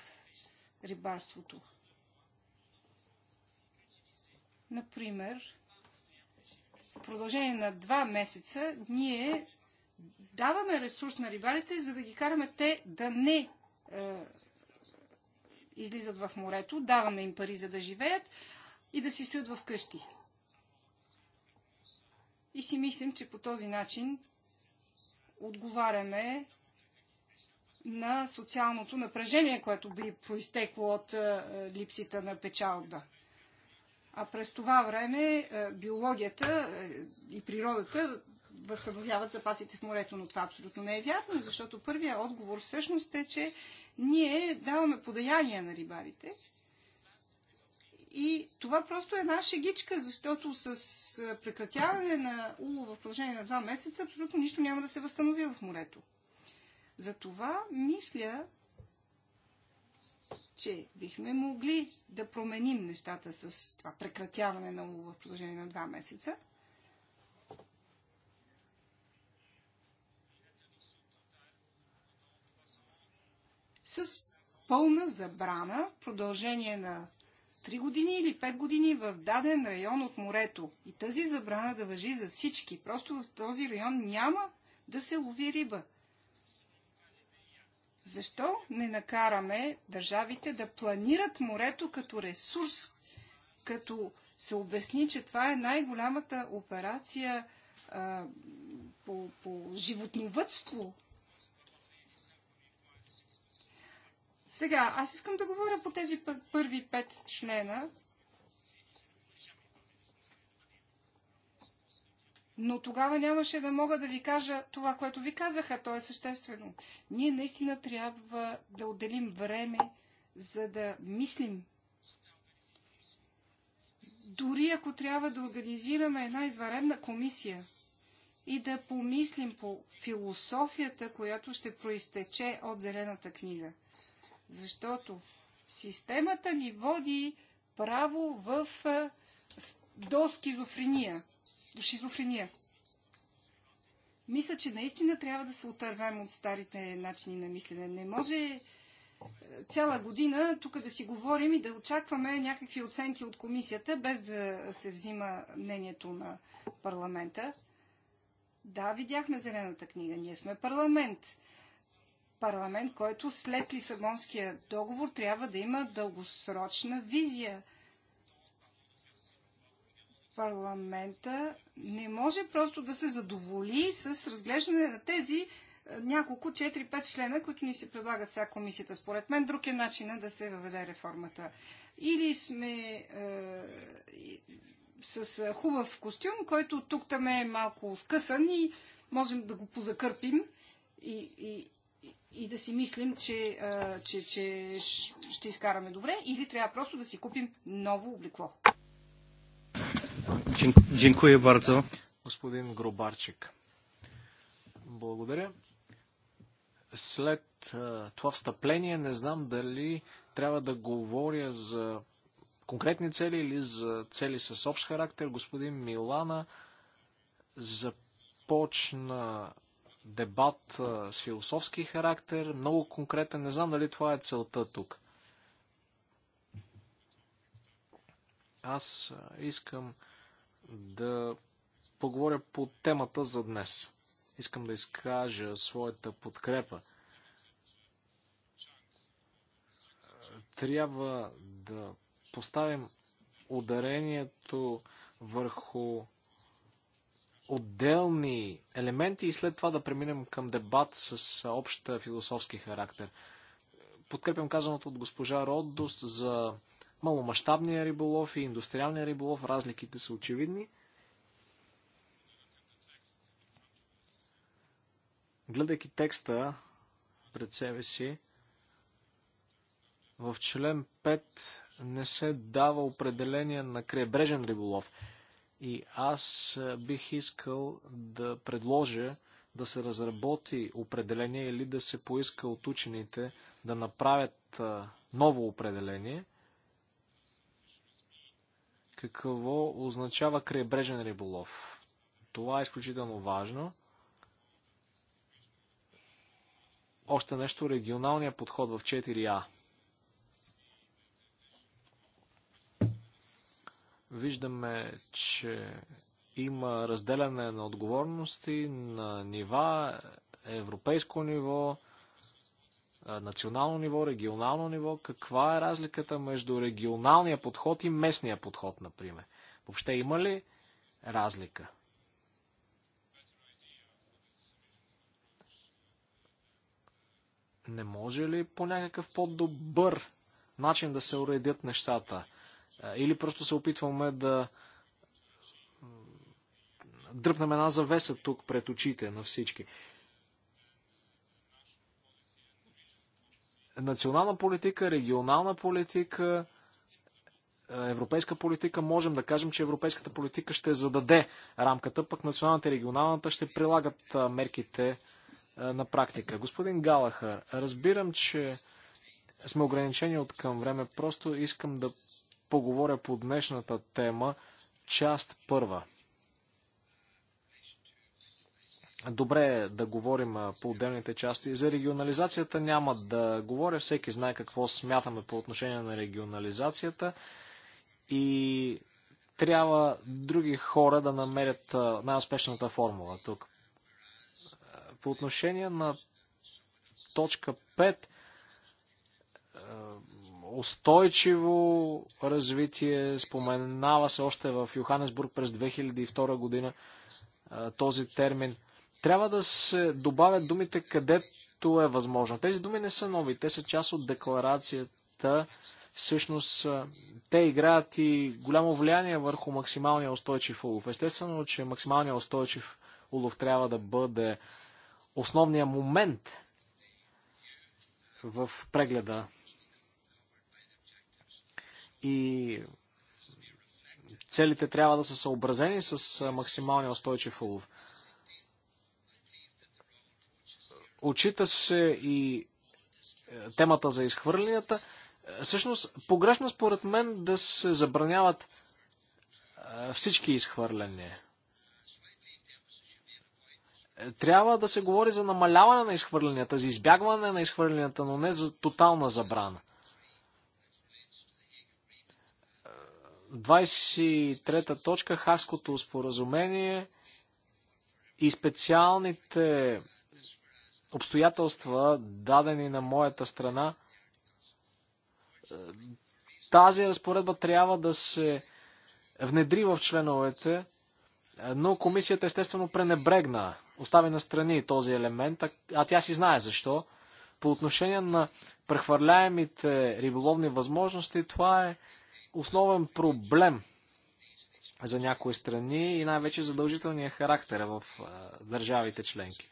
рибарството. Например, в продължение на два месеца ние даваме ресурс на рибарите, за да ги караме те да не е, излизат в морето, даваме им пари за да живеят и да си стоят в къщи. И си мислим, че по този начин отговаряме на социалното напрежение, което би проистекло от е, липсите на печалба. А през това време е, биологията е, и природата възстановяват запасите в морето, но това абсолютно не е вярно, защото първият отговор всъщност е, че ние даваме подаяния на рибарите. И това просто е наша гичка, защото с прекратяване на улова в продължение на два месеца абсолютно нищо няма да се възстанови в морето. Затова мисля, че бихме могли да променим нещата с това прекратяване на улова в продължение на два месеца. С пълна забрана в продължение на 3 години или 5 години в даден район от морето. И тази забрана да въжи за всички. Просто в този район няма да се лови риба. Защо не накараме държавите да планират морето като ресурс, като се обясни, че това е най-голямата операция а, по, по животновътство? Сега, аз искам да говоря по тези първи пет члена, но тогава нямаше да мога да ви кажа това, което ви казаха. То е съществено. Ние наистина трябва да отделим време, за да мислим. Дори ако трябва да организираме една изваредна комисия и да помислим по философията, която ще проистече от Зелената книга. Защото системата ни води право в до скизофрения до шизофрения. Мисля, че наистина трябва да се отървем от старите начини на мислене. Не може е, цяла година тук да си говорим и да очакваме някакви оценки от комисията, без да се взима мнението на парламента. Да, видяхме зелената книга. Ние сме парламент. Парламент, който след Лисабонския договор трябва да има дългосрочна визия парламента не може просто да се задоволи с разглеждане на тези е, няколко 4-5 члена, които ни се предлагат сега комисията. Според мен друг е начинът да се въведе реформата. Или сме е, с е, хубав костюм, който тук там е малко скъсан и можем да го позакърпим и, и, и да си мислим, че, е, че, че ще изкараме добре, или трябва просто да си купим ново облекло. Dziękuję bardzo. Господин Гробарчик. Благодаря. След това встъпление не знам дали трябва да говоря за конкретни цели или за цели с общ характер. Господин Милана започна дебат с философски характер, много конкретен. Не знам дали това е целта тук. Аз искам да поговоря по темата за днес. Искам да изкажа своята подкрепа. Трябва да поставим ударението върху отделни елементи и след това да преминем към дебат с общ философски характер. Подкрепям казаното от госпожа Родост за маломащабния риболов и индустриалния риболов, разликите са очевидни. Гледайки текста пред себе си, в член 5 не се дава определение на крайбрежен риболов. И аз е, бих искал да предложа да се разработи определение или да се поиска от учените да направят е, ново определение какво означава крайбрежен риболов. Това е изключително важно. Още нещо, регионалния подход в 4А. Виждаме, че има разделяне на отговорности на нива, европейско ниво, национално ниво, регионално ниво, каква е разликата между регионалния подход и местния подход, например? Въобще има ли разлика? Не може ли по някакъв по-добър начин да се уредят нещата? Или просто се опитваме да дръпнем една завеса тук пред очите на всички. национална политика, регионална политика, е, европейска политика, можем да кажем, че европейската политика ще зададе рамката, пък националната и регионалната ще прилагат мерките на практика. Господин Галахър, разбирам, че сме ограничени от към време, просто искам да поговоря по днешната тема, част първа. Добре е да говорим по отделните части. За регионализацията няма да говоря. Всеки знае какво смятаме по отношение на регионализацията. И трябва други хора да намерят най-успешната формула тук. По отношение на точка 5, устойчиво развитие, споменава се още в Йоханнесбург през 2002 година този термин – трябва да се добавят думите където е възможно. Тези думи не са нови, те са част от декларацията. Всъщност, те играят и голямо влияние върху максималния устойчив улов. Естествено, че максималния устойчив улов трябва да бъде основният момент в прегледа. И целите трябва да са съобразени с максималния устойчив улов. Отчита се и е, темата за изхвърлянията. Е, всъщност, погрешно според мен да се забраняват е, всички изхвърляния. Трябва да се говори за намаляване на изхвърлянията, за избягване на изхвърлянията, но не за тотална забрана. 23-та точка, Хаското споразумение и специалните обстоятелства, дадени на моята страна, е, тази разпоредба трябва да се внедри в членовете, е, но комисията естествено пренебрегна, остави на страни този елемент, а тя си знае защо. По отношение на прехвърляемите риболовни възможности, това е основен проблем за някои страни и най-вече задължителния характер в е, държавите членки.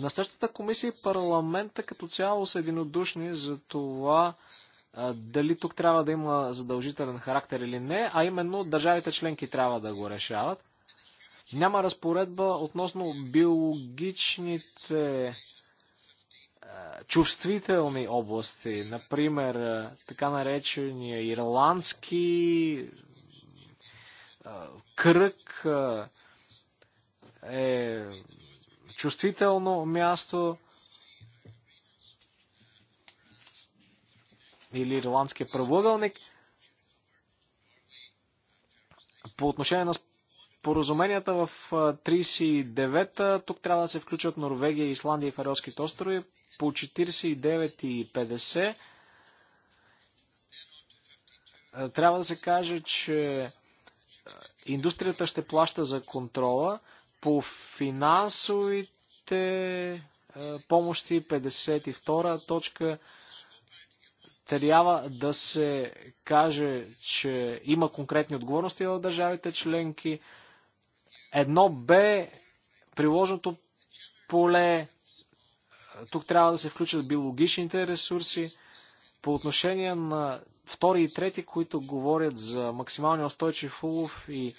Настоящата комисия и парламента като цяло са единодушни за това дали тук трябва да има задължителен характер или не, а именно държавите членки трябва да го решават. Няма разпоредба относно биологичните чувствителни области, например, така наречения ирландски кръг е чувствително място или ирландския правоъгълник. По отношение на споразуменията в 39-та, тук трябва да се включат Норвегия, Исландия и Фарелските острови. По 49 и 50 трябва да се каже, че индустрията ще плаща за контрола. По финансовите е, помощи 52 точка трябва да се каже, че има конкретни отговорности в държавите членки. Едно Б, приложното поле. Тук трябва да се включат биологичните ресурси. По отношение на втори и трети, които говорят за максимални устойчив улов и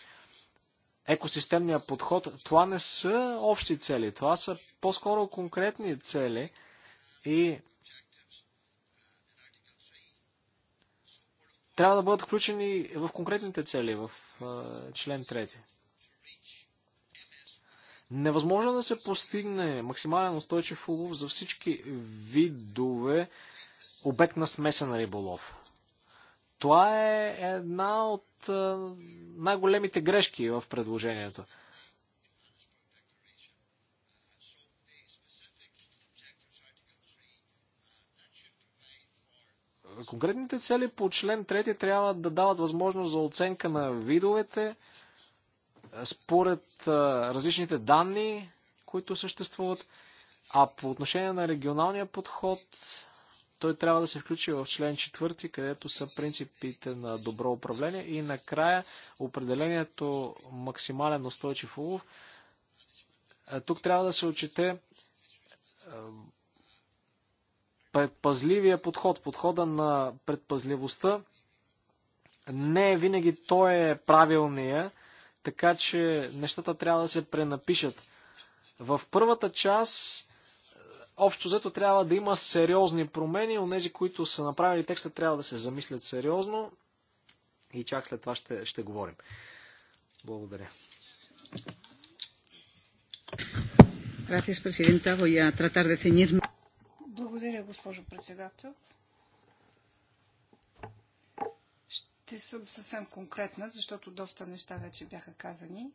екосистемния подход, това не са общи цели, това са по-скоро конкретни цели и трябва да бъдат включени в конкретните цели в член 3. Невъзможно да се постигне максимален устойчив улов за всички видове обект на смесен риболов. Това е една от най-големите грешки в предложението. конкретните цели по член 3 трябва да дават възможност за оценка на видовете според различните данни, които съществуват. А по отношение на регионалния подход, той трябва да се включи в член 4, където са принципите на добро управление и накрая определението максимален устойчив улов. Е, тук трябва да се отчете е, предпазливия подход, подхода на предпазливостта. Не е винаги той е правилния, така че нещата трябва да се пренапишат. В първата част Общо взето трябва да има сериозни промени, но тези, които са направили текста, трябва да се замислят сериозно и чак след това ще, ще говорим. Благодаря. Благодаря, госпожо председател. Ще съм съвсем конкретна, защото доста неща вече бяха казани.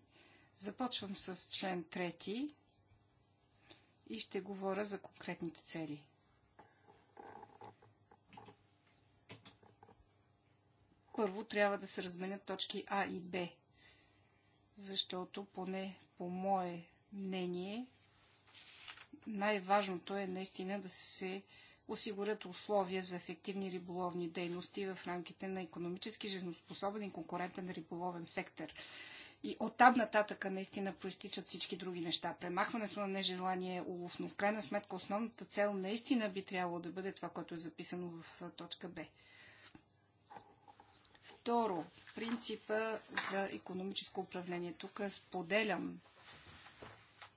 Започвам с член трети и ще говоря за конкретните цели. Първо трябва да се разменят точки А и Б, защото поне по мое мнение най-важното е наистина да се осигурят условия за ефективни риболовни дейности в рамките на економически жизнеспособен и конкурентен риболовен сектор. И оттам нататък наистина проистичат всички други неща. Премахването на нежелание е улов, но в крайна сметка основната цел наистина би трябвало да бъде това, което е записано в точка Б. Второ, принципа за економическо управление. Тук споделям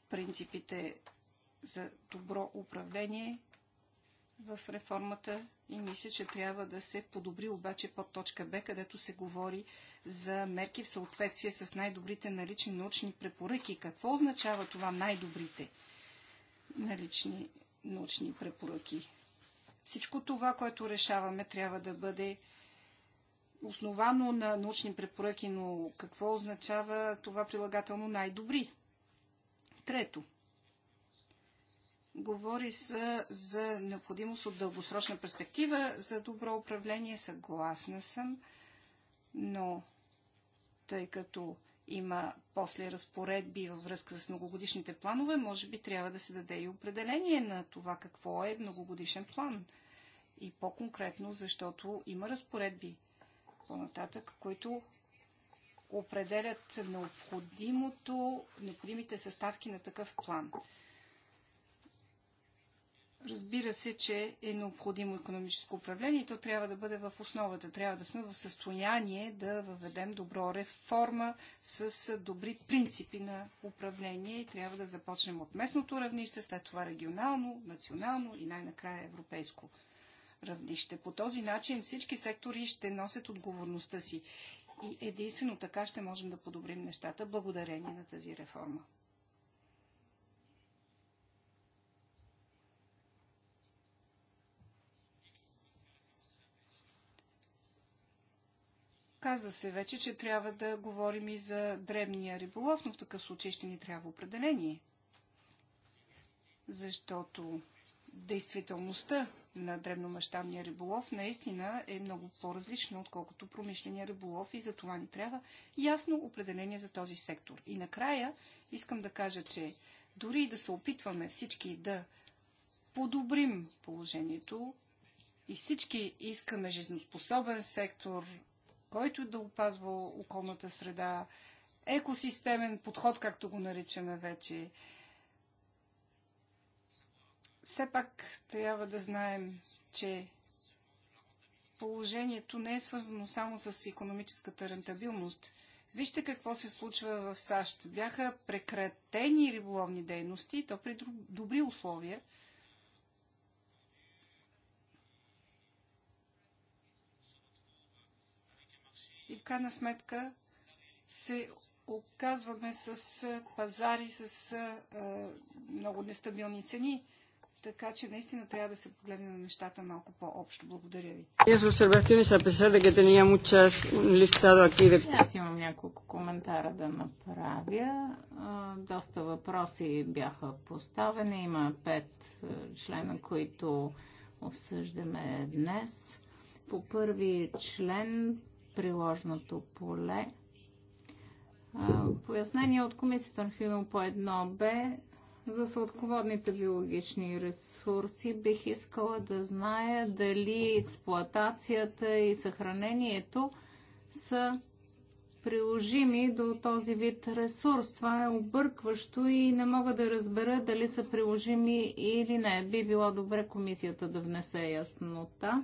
принципите за добро управление – в реформата и мисля, че трябва да се подобри обаче под точка Б, където се говори за мерки в съответствие с най-добрите налични научни препоръки. Какво означава това най-добрите налични научни препоръки? Всичко това, което решаваме, трябва да бъде основано на научни препоръки, но какво означава това прилагателно най-добри? Трето, Говори се за необходимост от дългосрочна перспектива за добро управление. Съгласна съм, но тъй като има после разпоредби във връзка с многогодишните планове, може би трябва да се даде и определение на това какво е многогодишен план. И по-конкретно, защото има разпоредби по-нататък, които определят необходимото, необходимите съставки на такъв план. Разбира се, че е необходимо економическо управление и то трябва да бъде в основата. Трябва да сме в състояние да въведем добро реформа с добри принципи на управление и трябва да започнем от местното равнище, след това регионално, национално и най-накрая европейско равнище. По този начин всички сектори ще носят отговорността си и единствено така ще можем да подобрим нещата благодарение на тази реформа. Казва се вече, че трябва да говорим и за дребния риболов, но в такъв случай ще ни трябва определение. Защото действителността на дребномащабния риболов наистина е много по-различна, отколкото промишления риболов и за това ни трябва ясно определение за този сектор. И накрая искам да кажа, че дори да се опитваме всички да подобрим положението и всички искаме жизнеспособен сектор, който да опазва околната среда, екосистемен подход, както го наричаме вече. Все пак трябва да знаем, че положението не е свързано само с економическата рентабилност. Вижте какво се случва в САЩ. Бяха прекратени риболовни дейности, то при добри условия, крайна сметка се оказваме с пазари с а, много нестабилни цени. Така че наистина трябва да се погледне на нещата малко по-общо. Благодаря ви. Аз имам няколко коментара да направя. Доста въпроси бяха поставени. Има пет члена, които обсъждаме днес. По първи член приложното поле. Пояснение от комисията на Хюно по 1Б за сладководните биологични ресурси бих искала да зная дали експлоатацията и съхранението са приложими до този вид ресурс. Това е объркващо и не мога да разбера дали са приложими или не. Би било добре комисията да внесе яснота.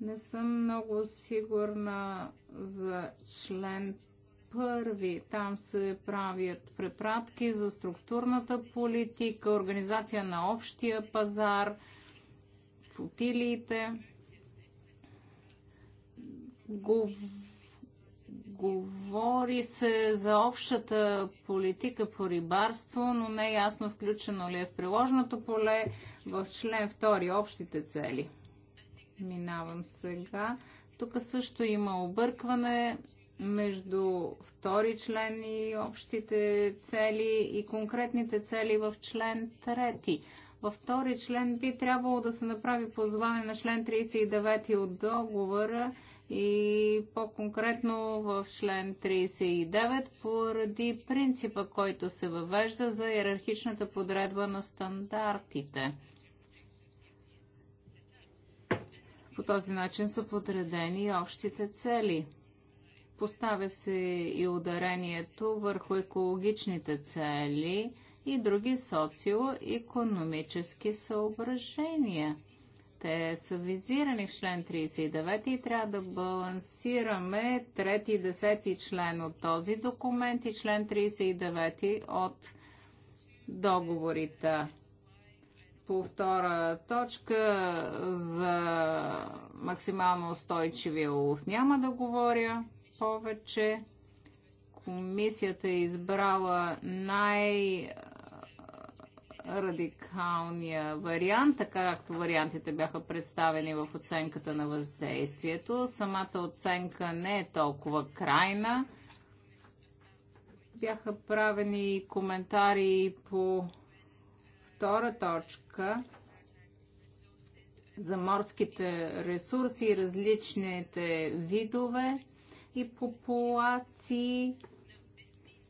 Не съм много сигурна за член първи. Там се правят препратки за структурната политика, организация на общия пазар, футилиите. Гов... Говори се за общата политика по рибарство, но не е ясно включено ли е в приложното поле в член 2 общите цели минавам сега. Тук също има объркване между втори член и общите цели и конкретните цели в член трети. Във втори член би трябвало да се направи позване на член 39 от договора и по-конкретно в член 39 поради принципа, който се въвежда за иерархичната подредба на стандартите. По този начин са подредени общите цели. Поставя се и ударението върху екологичните цели и други социо-економически съображения. Те са визирани в член 39 и трябва да балансираме трети и десети член от този документ и член 39 от договорите по втора точка за максимално устойчивия улов няма да говоря повече. Комисията е избрала най- радикалния вариант, така както вариантите бяха представени в оценката на въздействието. Самата оценка не е толкова крайна. Бяха правени коментари по втора точка за морските ресурси, и различните видове и популации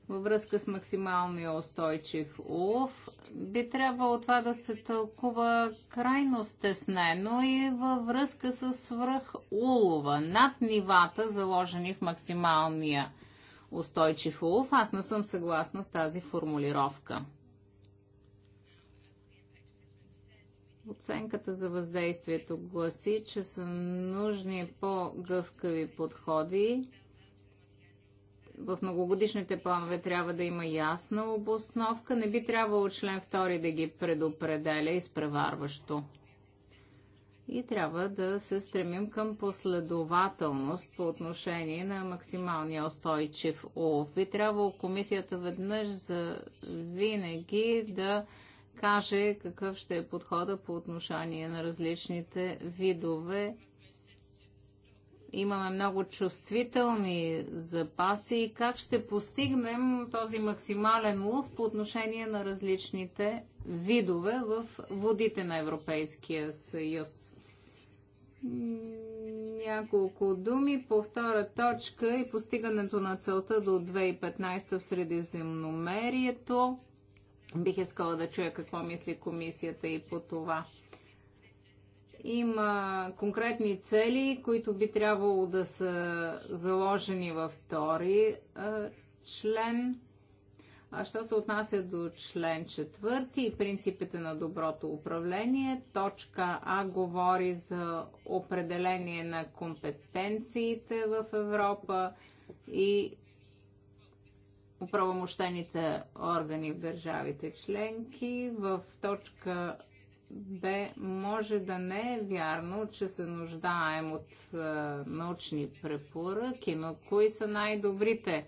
във връзка с максималния устойчив улов. Би трябвало това да се тълкува крайно стеснено и във връзка с свръх улова, над нивата, заложени в максималния устойчив улов. Аз не съм съгласна с тази формулировка. Оценката за въздействието гласи, че са нужни по-гъвкави подходи. В многогодишните планове трябва да има ясна обосновка. Не би трябвало член 2 да ги предопределя изпреварващо. И трябва да се стремим към последователност по отношение на максималния устойчив улов. Би трябвало комисията веднъж за винаги да каже какъв ще е подхода по отношение на различните видове. Имаме много чувствителни запаси и как ще постигнем този максимален лов по отношение на различните видове в водите на Европейския съюз. Няколко думи по втора точка и постигането на целта до 2015 в Средиземномерието. Бих искала да чуя какво мисли комисията и по това. Има конкретни цели, които би трябвало да са заложени във втори а, член. А що се отнася до член 4 и принципите на доброто управление, точка А говори за определение на компетенциите в Европа и оправомощените органи в държавите членки. В точка Б може да не е вярно, че се нуждаем от е, научни препоръки, но кои са най-добрите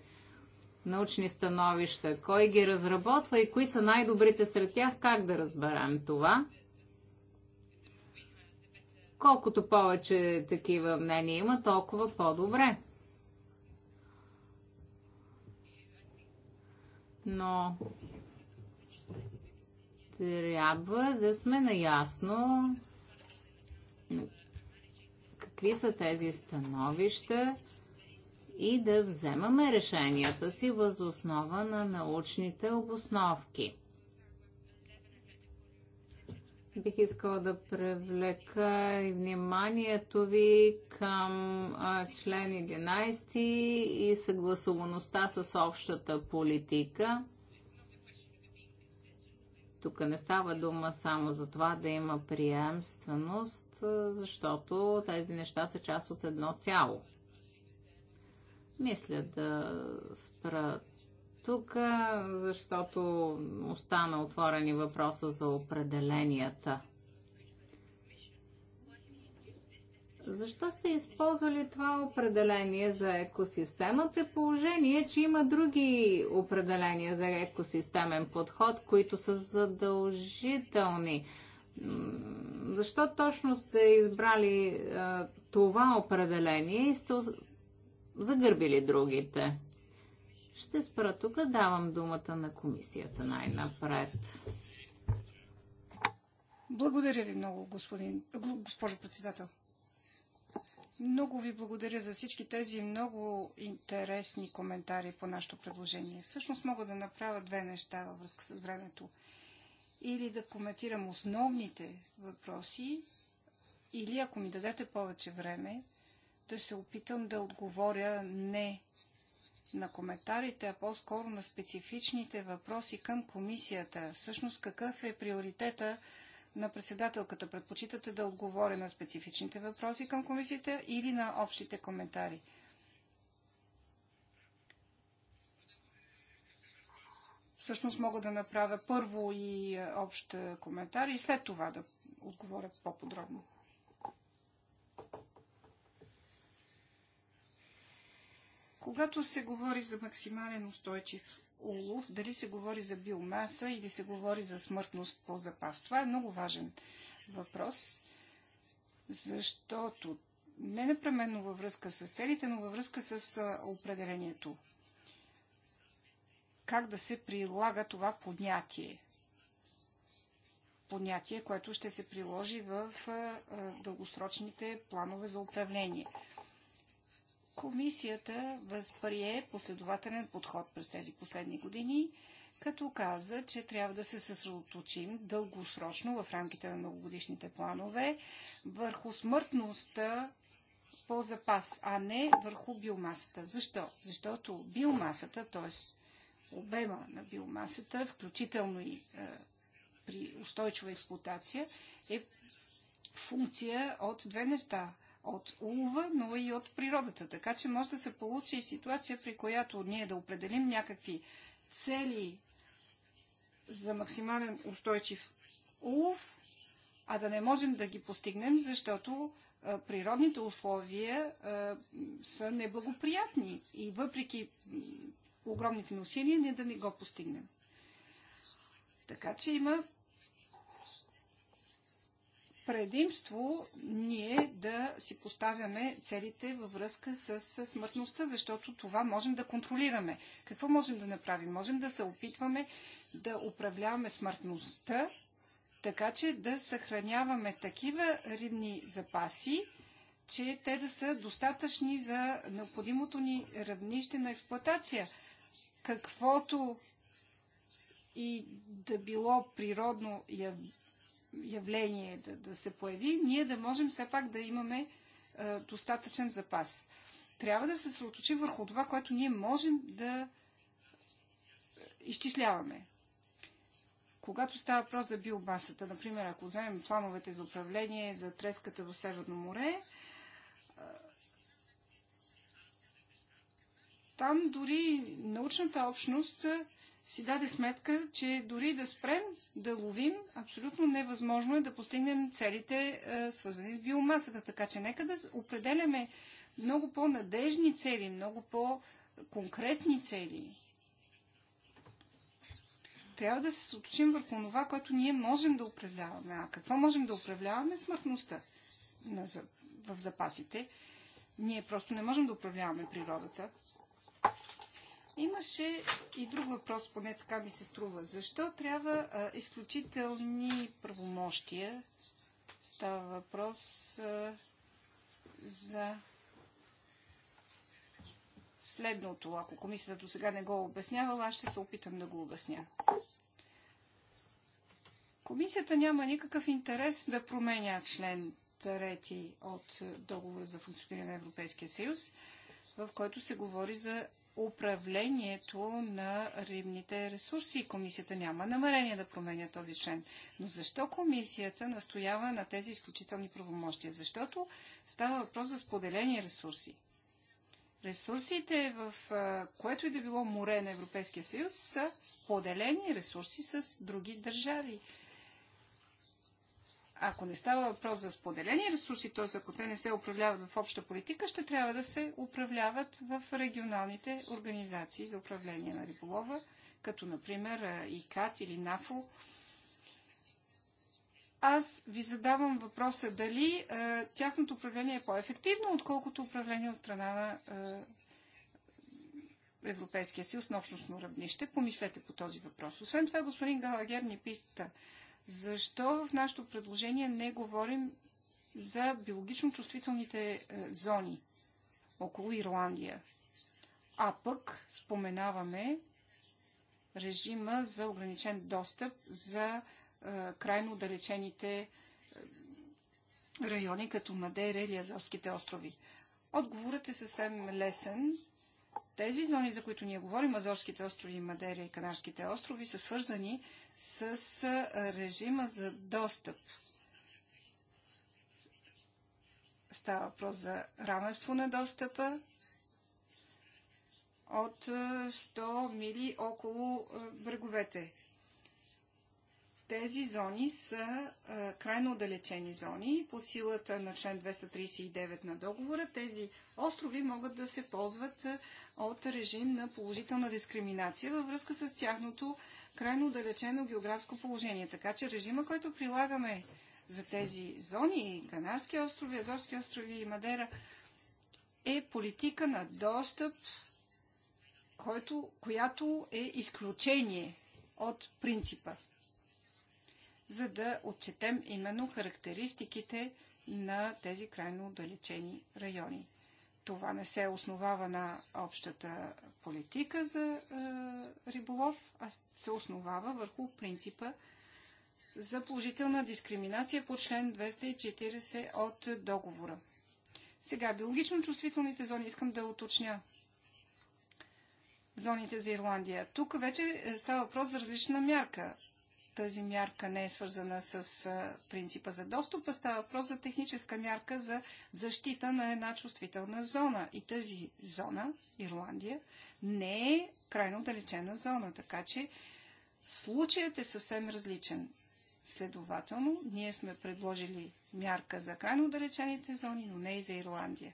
научни становища? Кой ги разработва и кои са най-добрите сред тях? Как да разберем това? Колкото повече такива мнения има, толкова по-добре. но трябва да сме наясно какви са тези становища и да вземаме решенията си възоснова на научните обосновки. Бих искала да привлека вниманието ви към член 11 и съгласуваността с общата политика. Тук не става дума само за това да има приемственост, защото тези неща са част от едно цяло. Мисля да спра тук, защото остана отворени въпроса за определенията. Защо сте използвали това определение за екосистема при положение, че има други определения за екосистемен подход, които са задължителни? Защо точно сте избрали а, това определение и сте загърбили другите? Ще спра тук. Давам думата на комисията най-напред. Благодаря ви много, господин, госпожо председател. Много ви благодаря за всички тези много интересни коментари по нашето предложение. Всъщност мога да направя две неща във връзка с времето. Или да коментирам основните въпроси, или ако ми дадете повече време, да се опитам да отговоря не на коментарите, а по-скоро на специфичните въпроси към комисията. Всъщност какъв е приоритета на председателката? Предпочитате да отговоря на специфичните въпроси към комисията или на общите коментари? Всъщност мога да направя първо и е, общ е, коментар и след това да отговоря по-подробно. Когато се говори за максимален устойчив улов, дали се говори за биомаса или се говори за смъртност по запас, това е много важен въпрос, защото не непременно във връзка с целите, но във връзка с определението. Как да се прилага това понятие? Понятие, което ще се приложи в дългосрочните планове за управление – Комисията възприе последователен подход през тези последни години, като каза, че трябва да се съсредоточим дългосрочно в рамките на многогодишните планове върху смъртността по запас, а не върху биомасата. Защо? Защото биомасата, т.е. обема на биомасата, включително и е, при устойчива експлуатация, е функция от две неща – от улова, но и от природата. Така че може да се получи и ситуация, при която ние да определим някакви цели за максимален устойчив улов, а да не можем да ги постигнем, защото природните условия са неблагоприятни и въпреки огромните ни усилия, ние да не го постигнем. Така че има предимство ние да си поставяме целите във връзка с смъртността, защото това можем да контролираме. Какво можем да направим? Можем да се опитваме да управляваме смъртността, така че да съхраняваме такива рибни запаси, че те да са достатъчни за необходимото ни равнище на експлоатация. Каквото и да било природно явление да, да се появи, ние да можем все пак да имаме а, достатъчен запас. Трябва да се съсредоточим върху това, което ние можем да изчисляваме. Когато става въпрос за биомасата, например, ако вземем плановете за управление за треската в Северно море, там дори научната общност си даде сметка, че дори да спрем да ловим, абсолютно невъзможно е да постигнем целите, е, свързани с биомасата. Така че нека да определяме много по-надежни цели, много по-конкретни цели. Трябва да се съточим върху това, което ние можем да управляваме. А какво можем да управляваме? Смъртността в запасите. Ние просто не можем да управляваме природата. Имаше и друг въпрос, поне така ми се струва. Защо трябва а, изключителни правомощия? Става въпрос а, за следното. Ако комисията до сега не го е обяснявала, аз ще се опитам да го обясня. Комисията няма никакъв интерес да променя член 3 от договора за функциониране на Европейския съюз, в който се говори за управлението на рибните ресурси. Комисията няма намерение да променя този член. Но защо комисията настоява на тези изключителни правомощия? Защото става въпрос за споделени ресурси. Ресурсите в което и да било море на Европейския съюз са споделени ресурси с други държави. Ако не става въпрос за споделени ресурси, т.е. ако те не се управляват в обща политика, ще трябва да се управляват в регионалните организации за управление на риболова, като например ИКАТ или НАФО. Аз ви задавам въпроса дали е, тяхното управление е по-ефективно, отколкото управление от страна на е, Европейския съюз на общностно равнище. Помислете по този въпрос. Освен това, господин Галагер ни пита защо в нашето предложение не говорим за биологично чувствителните е, зони около Ирландия? А пък споменаваме режима за ограничен достъп за е, крайно отдалечените е, райони, като Мадейра или Азорските острови. Отговорът е съвсем лесен. Тези зони, за които ние говорим, Азорските острови, Мадерия и Канарските острови, са свързани с режима за достъп. Става въпрос за равенство на достъпа от 100 мили около бреговете. Тези зони са а, крайно отдалечени зони. По силата на член 239 на договора, тези острови могат да се ползват от режим на положителна дискриминация във връзка с тяхното крайно отдалечено географско положение. Така че режима, който прилагаме за тези зони, Канарски острови, Азорски острови и Мадера, е политика на достъп, който, която е изключение от принципа, за да отчетем именно характеристиките на тези крайно отдалечени райони. Това не се основава на общата политика за е, риболов, а се основава върху принципа за положителна дискриминация по член 240 от договора. Сега, биологично чувствителните зони искам да уточня зоните за Ирландия. Тук вече е, става въпрос за различна мярка тази мярка не е свързана с принципа за достъп, а става въпрос за техническа мярка за защита на една чувствителна зона. И тази зона, Ирландия, не е крайно далечена зона, така че случаят е съвсем различен. Следователно, ние сме предложили мярка за крайно далечените зони, но не и за Ирландия.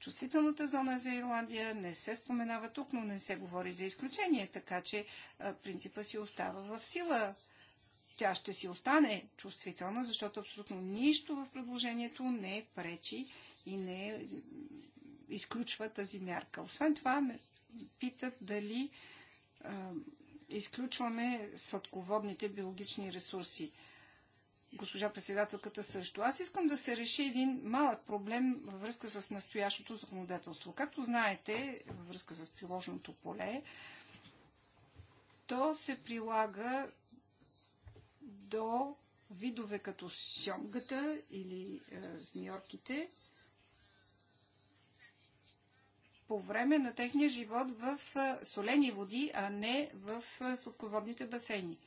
Чувствителната зона за Ирландия не се споменава тук, но не се говори за изключение, така че принципа си остава в сила тя ще си остане чувствителна, защото абсолютно нищо в предложението не пречи и не изключва тази мярка. Освен това, ме питат дали а, изключваме сладководните биологични ресурси. Госпожа председателката също. Аз искам да се реши един малък проблем във връзка с настоящото законодателство. Както знаете, във връзка с приложеното поле, то се прилага до видове като сьомгата или е, змиорките по време на техния живот в е, солени води, а не в е, сладководните басейни.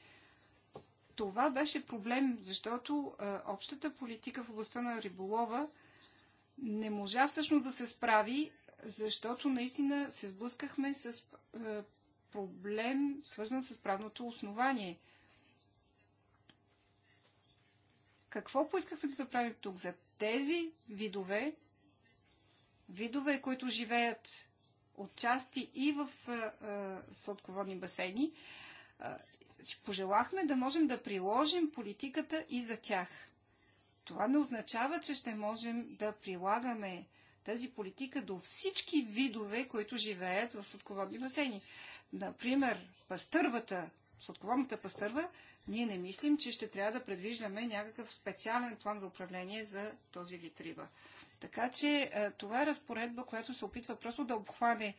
Това беше проблем, защото е, общата политика в областта на риболова не можа всъщност да се справи, защото наистина се сблъскахме с е, проблем, свързан с правното основание – Какво поискахме да направим тук за тези видове, видове, които живеят отчасти и в а, сладководни басейни, а, пожелахме да можем да приложим политиката и за тях. Това не означава, че ще можем да прилагаме тази политика до всички видове, които живеят в сладководни басейни. Например, пастървата, сладководната пастърва ние не мислим, че ще трябва да предвиждаме някакъв специален план за управление за този вид риба. Така че е, това е разпоредба, която се опитва просто да обхване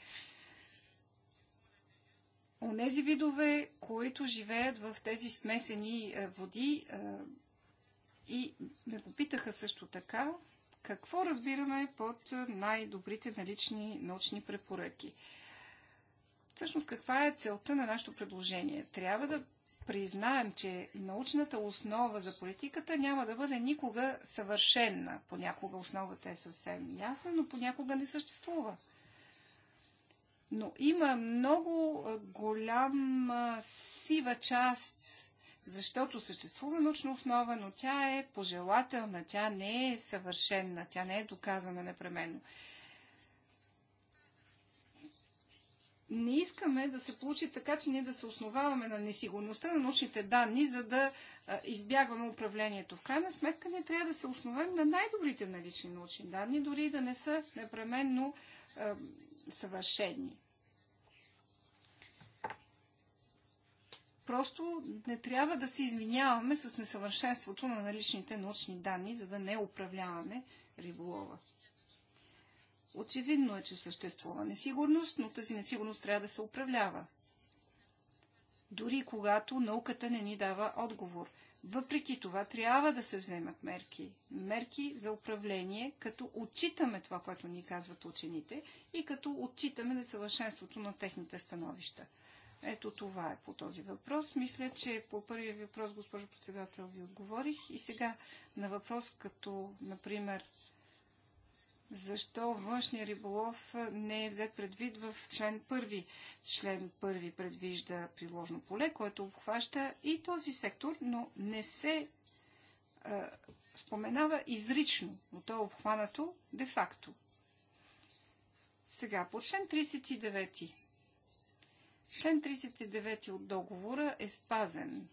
онези видове, които живеят в тези смесени е, води. Е, и ме попитаха също така, какво разбираме под най-добрите налични научни препоръки. Всъщност, каква е целта на нашето предложение? Трябва да признаем, че научната основа за политиката няма да бъде никога съвършенна. Понякога основата е съвсем ясна, но понякога не съществува. Но има много голяма сива част, защото съществува научна основа, но тя е пожелателна, тя не е съвършенна, тя не е доказана непременно. не искаме да се получи така, че ние да се основаваме на несигурността на научните данни, за да избягваме управлението. В крайна сметка ние трябва да се основаем на най-добрите налични научни данни, дори и да не са непременно е, съвършени. Просто не трябва да се извиняваме с несъвършенството на наличните научни данни, за да не управляваме риболова. Очевидно е, че съществува несигурност, но тази несигурност трябва да се управлява. Дори когато науката не ни дава отговор. Въпреки това трябва да се вземат мерки. Мерки за управление, като отчитаме това, което ни казват учените и като отчитаме несъвършенството на техните становища. Ето това е по този въпрос. Мисля, че по първия въпрос, госпожо председател, ви отговорих. И сега на въпрос като, например, защо външния риболов не е взет предвид в член 1. Член 1 предвижда приложно поле, което обхваща и този сектор, но не се е, споменава изрично, но то е обхванато де-факто. Сега, по член 39. Член 39 от договора е спазен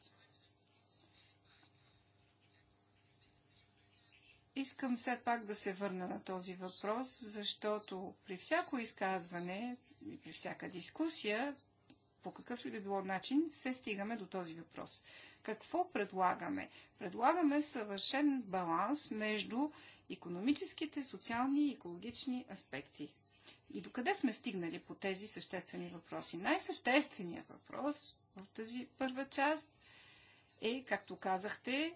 Искам все пак да се върна на този въпрос, защото при всяко изказване и при всяка дискусия, по какъв и да било начин, се стигаме до този въпрос. Какво предлагаме? Предлагаме съвършен баланс между економическите, социални и екологични аспекти. И докъде сме стигнали по тези съществени въпроси? Най-същественият въпрос в тази първа част е, както казахте,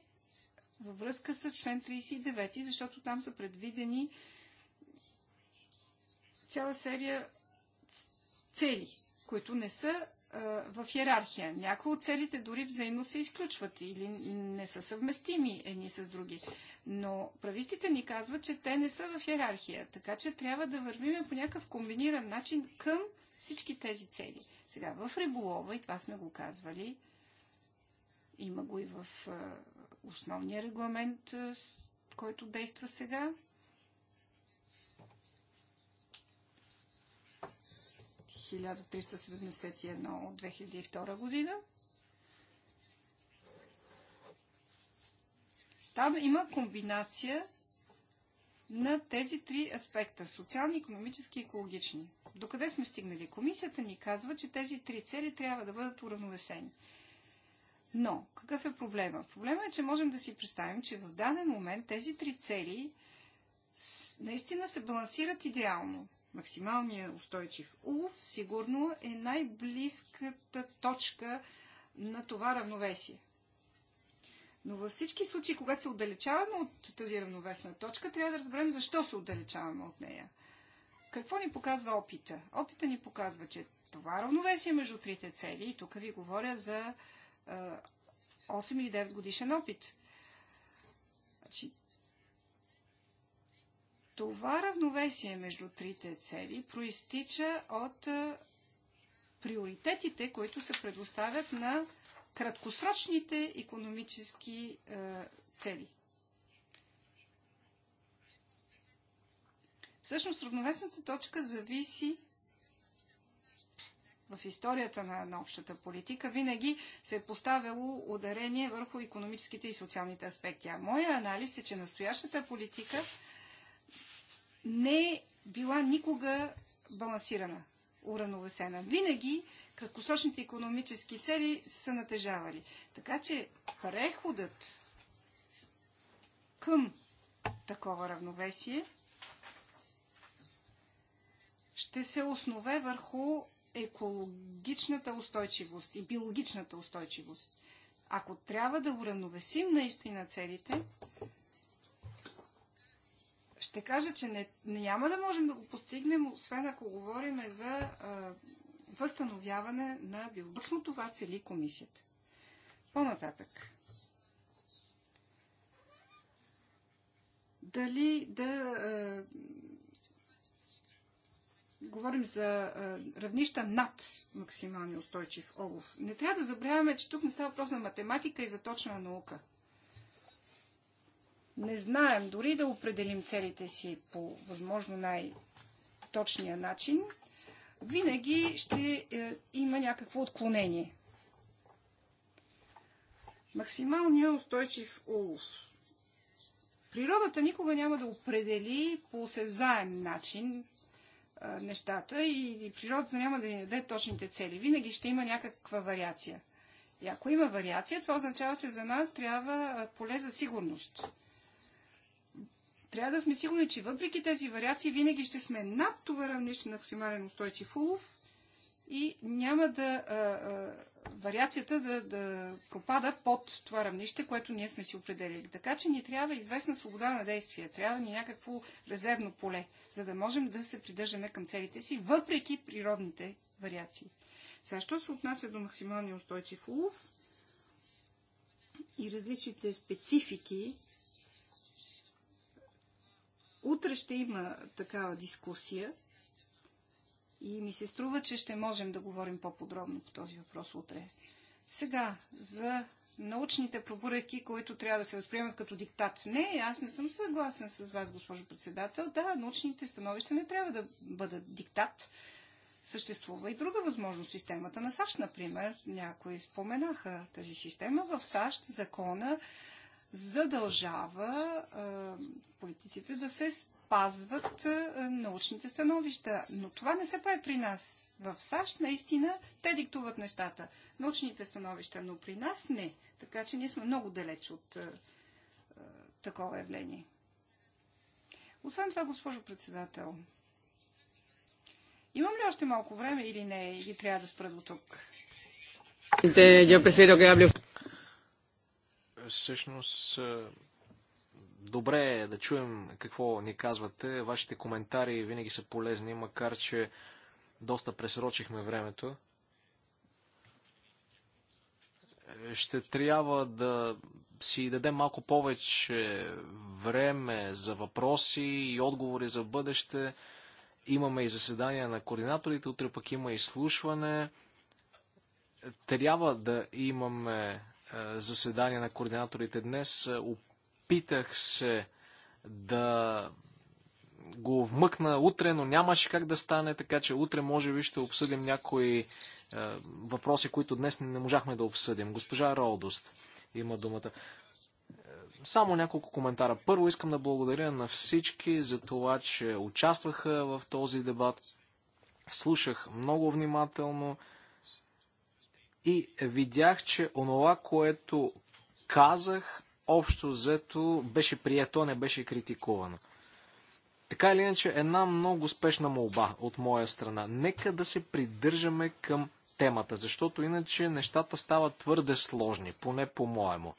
във връзка с член 39, защото там са предвидени цяла серия цели, които не са в иерархия. Някои от целите дори взаимно се изключват или не са съвместими едни с други. Но правистите ни казват, че те не са в иерархия, така че трябва да вървим по някакъв комбиниран начин към всички тези цели. Сега в риболова, и това сме го казвали, има го и в основния регламент, който действа сега. от 2002 година. Там има комбинация на тези три аспекта – социални, економически и екологични. Докъде сме стигнали? Комисията ни казва, че тези три цели трябва да бъдат уравновесени. Но, какъв е проблема? Проблема е, че можем да си представим, че в даден момент тези три цели наистина се балансират идеално. Максималният устойчив улов сигурно е най-близката точка на това равновесие. Но във всички случаи, когато се отдалечаваме от тази равновесна точка, трябва да разберем защо се отдалечаваме от нея. Какво ни показва опита? Опита ни показва, че това равновесие между трите цели, и тук ви говоря за 8 или 9 годишен опит. Значи, това равновесие между трите цели проистича от приоритетите, които се предоставят на краткосрочните економически цели. Всъщност равновесната точка зависи в историята на, на общата политика винаги се е поставяло ударение върху економическите и социалните аспекти. А моя анализ е, че настоящата политика не е била никога балансирана, урановесена. Винаги краткосрочните економически цели са натежавали. Така че преходът към такова равновесие ще се основе върху екологичната устойчивост и биологичната устойчивост. Ако трябва да уравновесим наистина целите, ще кажа, че не, няма да можем да го постигнем, освен ако говорим за а, възстановяване на биологично това цели комисията. По-нататък. Дали да а, говорим за а, равнища над максималния устойчив олов. Не трябва да забравяме, че тук не става въпрос за математика и за точна наука. Не знаем дори да определим целите си по възможно най-точния начин, винаги ще е, има някакво отклонение. Максималният устойчив улов. Природата никога няма да определи по осезаем начин нещата и природата няма да ни даде точните цели. Винаги ще има някаква вариация. И ако има вариация, това означава, че за нас трябва поле за сигурност. Трябва да сме сигурни, че въпреки тези вариации винаги ще сме над това равнище на максимален устойчив улов и няма да а, а, вариацията да, да пропада под това равнище, което ние сме си определили. Така че ни трябва известна свобода на действие, трябва ни някакво резервно поле, за да можем да се придържаме към целите си, въпреки природните вариации. Сега, що се отнася до максималния устойчив улов и различните специфики, утре ще има такава дискусия и ми се струва, че ще можем да говорим по-подробно по този въпрос утре. Сега, за научните пробуреки, които трябва да се възприемат като диктат. Не, аз не съм съгласен с вас, госпожо председател. Да, научните становища не трябва да бъдат диктат. Съществува и друга възможност. Системата на САЩ, например, някои споменаха тази система. В САЩ закона задължава е, политиците да се спазват е, научните становища. Но това не се прави при нас. В САЩ наистина те диктуват нещата, научните становища, но при нас не. Така че ние сме много далеч от а, е, е, такова явление. Освен това, госпожо председател, имам ли още малко време или не, или трябва да спра до тук? Всъщност, добре е да чуем какво ни казвате. Вашите коментари винаги са полезни, макар че доста пресрочихме времето. Ще трябва да си дадем малко повече време за въпроси и отговори за бъдеще. Имаме и заседания на координаторите, утре пък има изслушване. Трябва да имаме е, заседание на координаторите днес. Е, Опитах се да го вмъкна утре, но нямаше как да стане, така че утре може би ще обсъдим някои е, въпроси, които днес не можахме да обсъдим. Госпожа Ролдост има думата. Е, само няколко коментара. Първо искам да благодаря на всички за това, че участваха в този дебат. Слушах много внимателно и видях, че онова, което казах, общо взето беше прието, не беше критикувано. Така или иначе, една много спешна молба от моя страна. Нека да се придържаме към темата, защото иначе нещата стават твърде сложни, поне по-моему.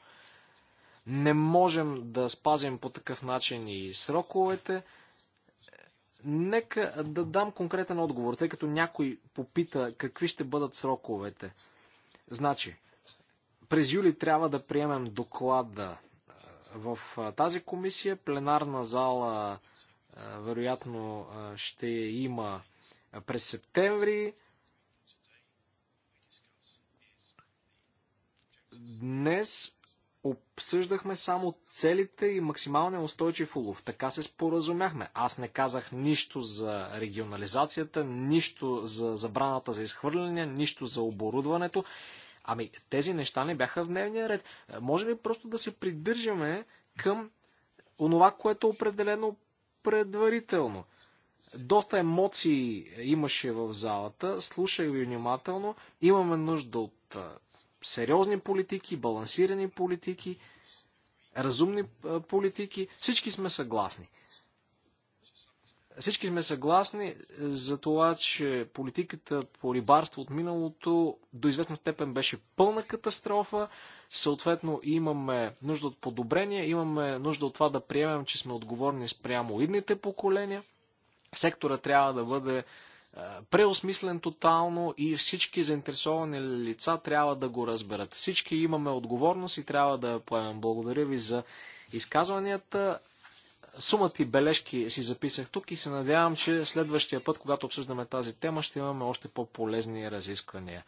Не можем да спазим по такъв начин и сроковете. Нека да дам конкретен отговор, тъй като някой попита какви ще бъдат сроковете. Значи, през юли трябва да приемем доклада в тази комисия. Пленарна зала вероятно ще има през септември. Днес обсъждахме само целите и максималния устойчив улов. Така се споразумяхме. Аз не казах нищо за регионализацията, нищо за забраната за изхвърляне, нищо за оборудването. Ами, тези неща не бяха в дневния ред. Е, може ли просто да се придържаме към онова, което е определено предварително? Доста емоции имаше в залата, Слушай ви внимателно. Имаме нужда от е, сериозни политики, балансирани политики, разумни е, политики. Всички сме съгласни. Всички сме съгласни за това, че политиката по рибарство от миналото до известна степен беше пълна катастрофа. Съответно, имаме нужда от подобрение, имаме нужда от това да приемем, че сме отговорни спрямо идните поколения. Сектора трябва да бъде е, преосмислен тотално и всички заинтересовани лица трябва да го разберат. Всички имаме отговорност и трябва да я поемем. Благодаря ви за изказванията. Сумата и бележки си записах тук и се надявам, че следващия път, когато обсъждаме тази тема, ще имаме още по-полезни разисквания.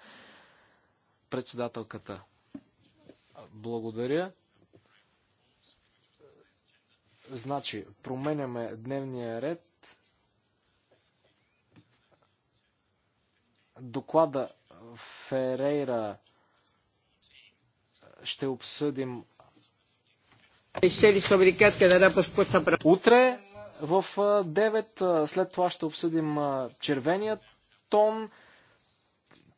Председателката. Благодаря. Значи, променяме дневния ред. Доклада Ферейра ще обсъдим Утре в 9, след това ще обсъдим червения тон.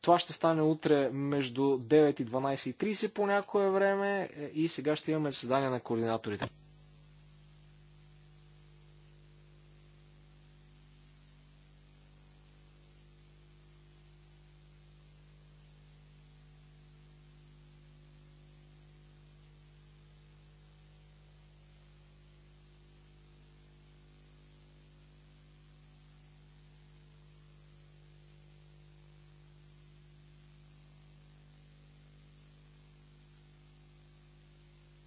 Това ще стане утре между 9 и 12.30 по някое време е, и сега ще имаме заседание на координаторите.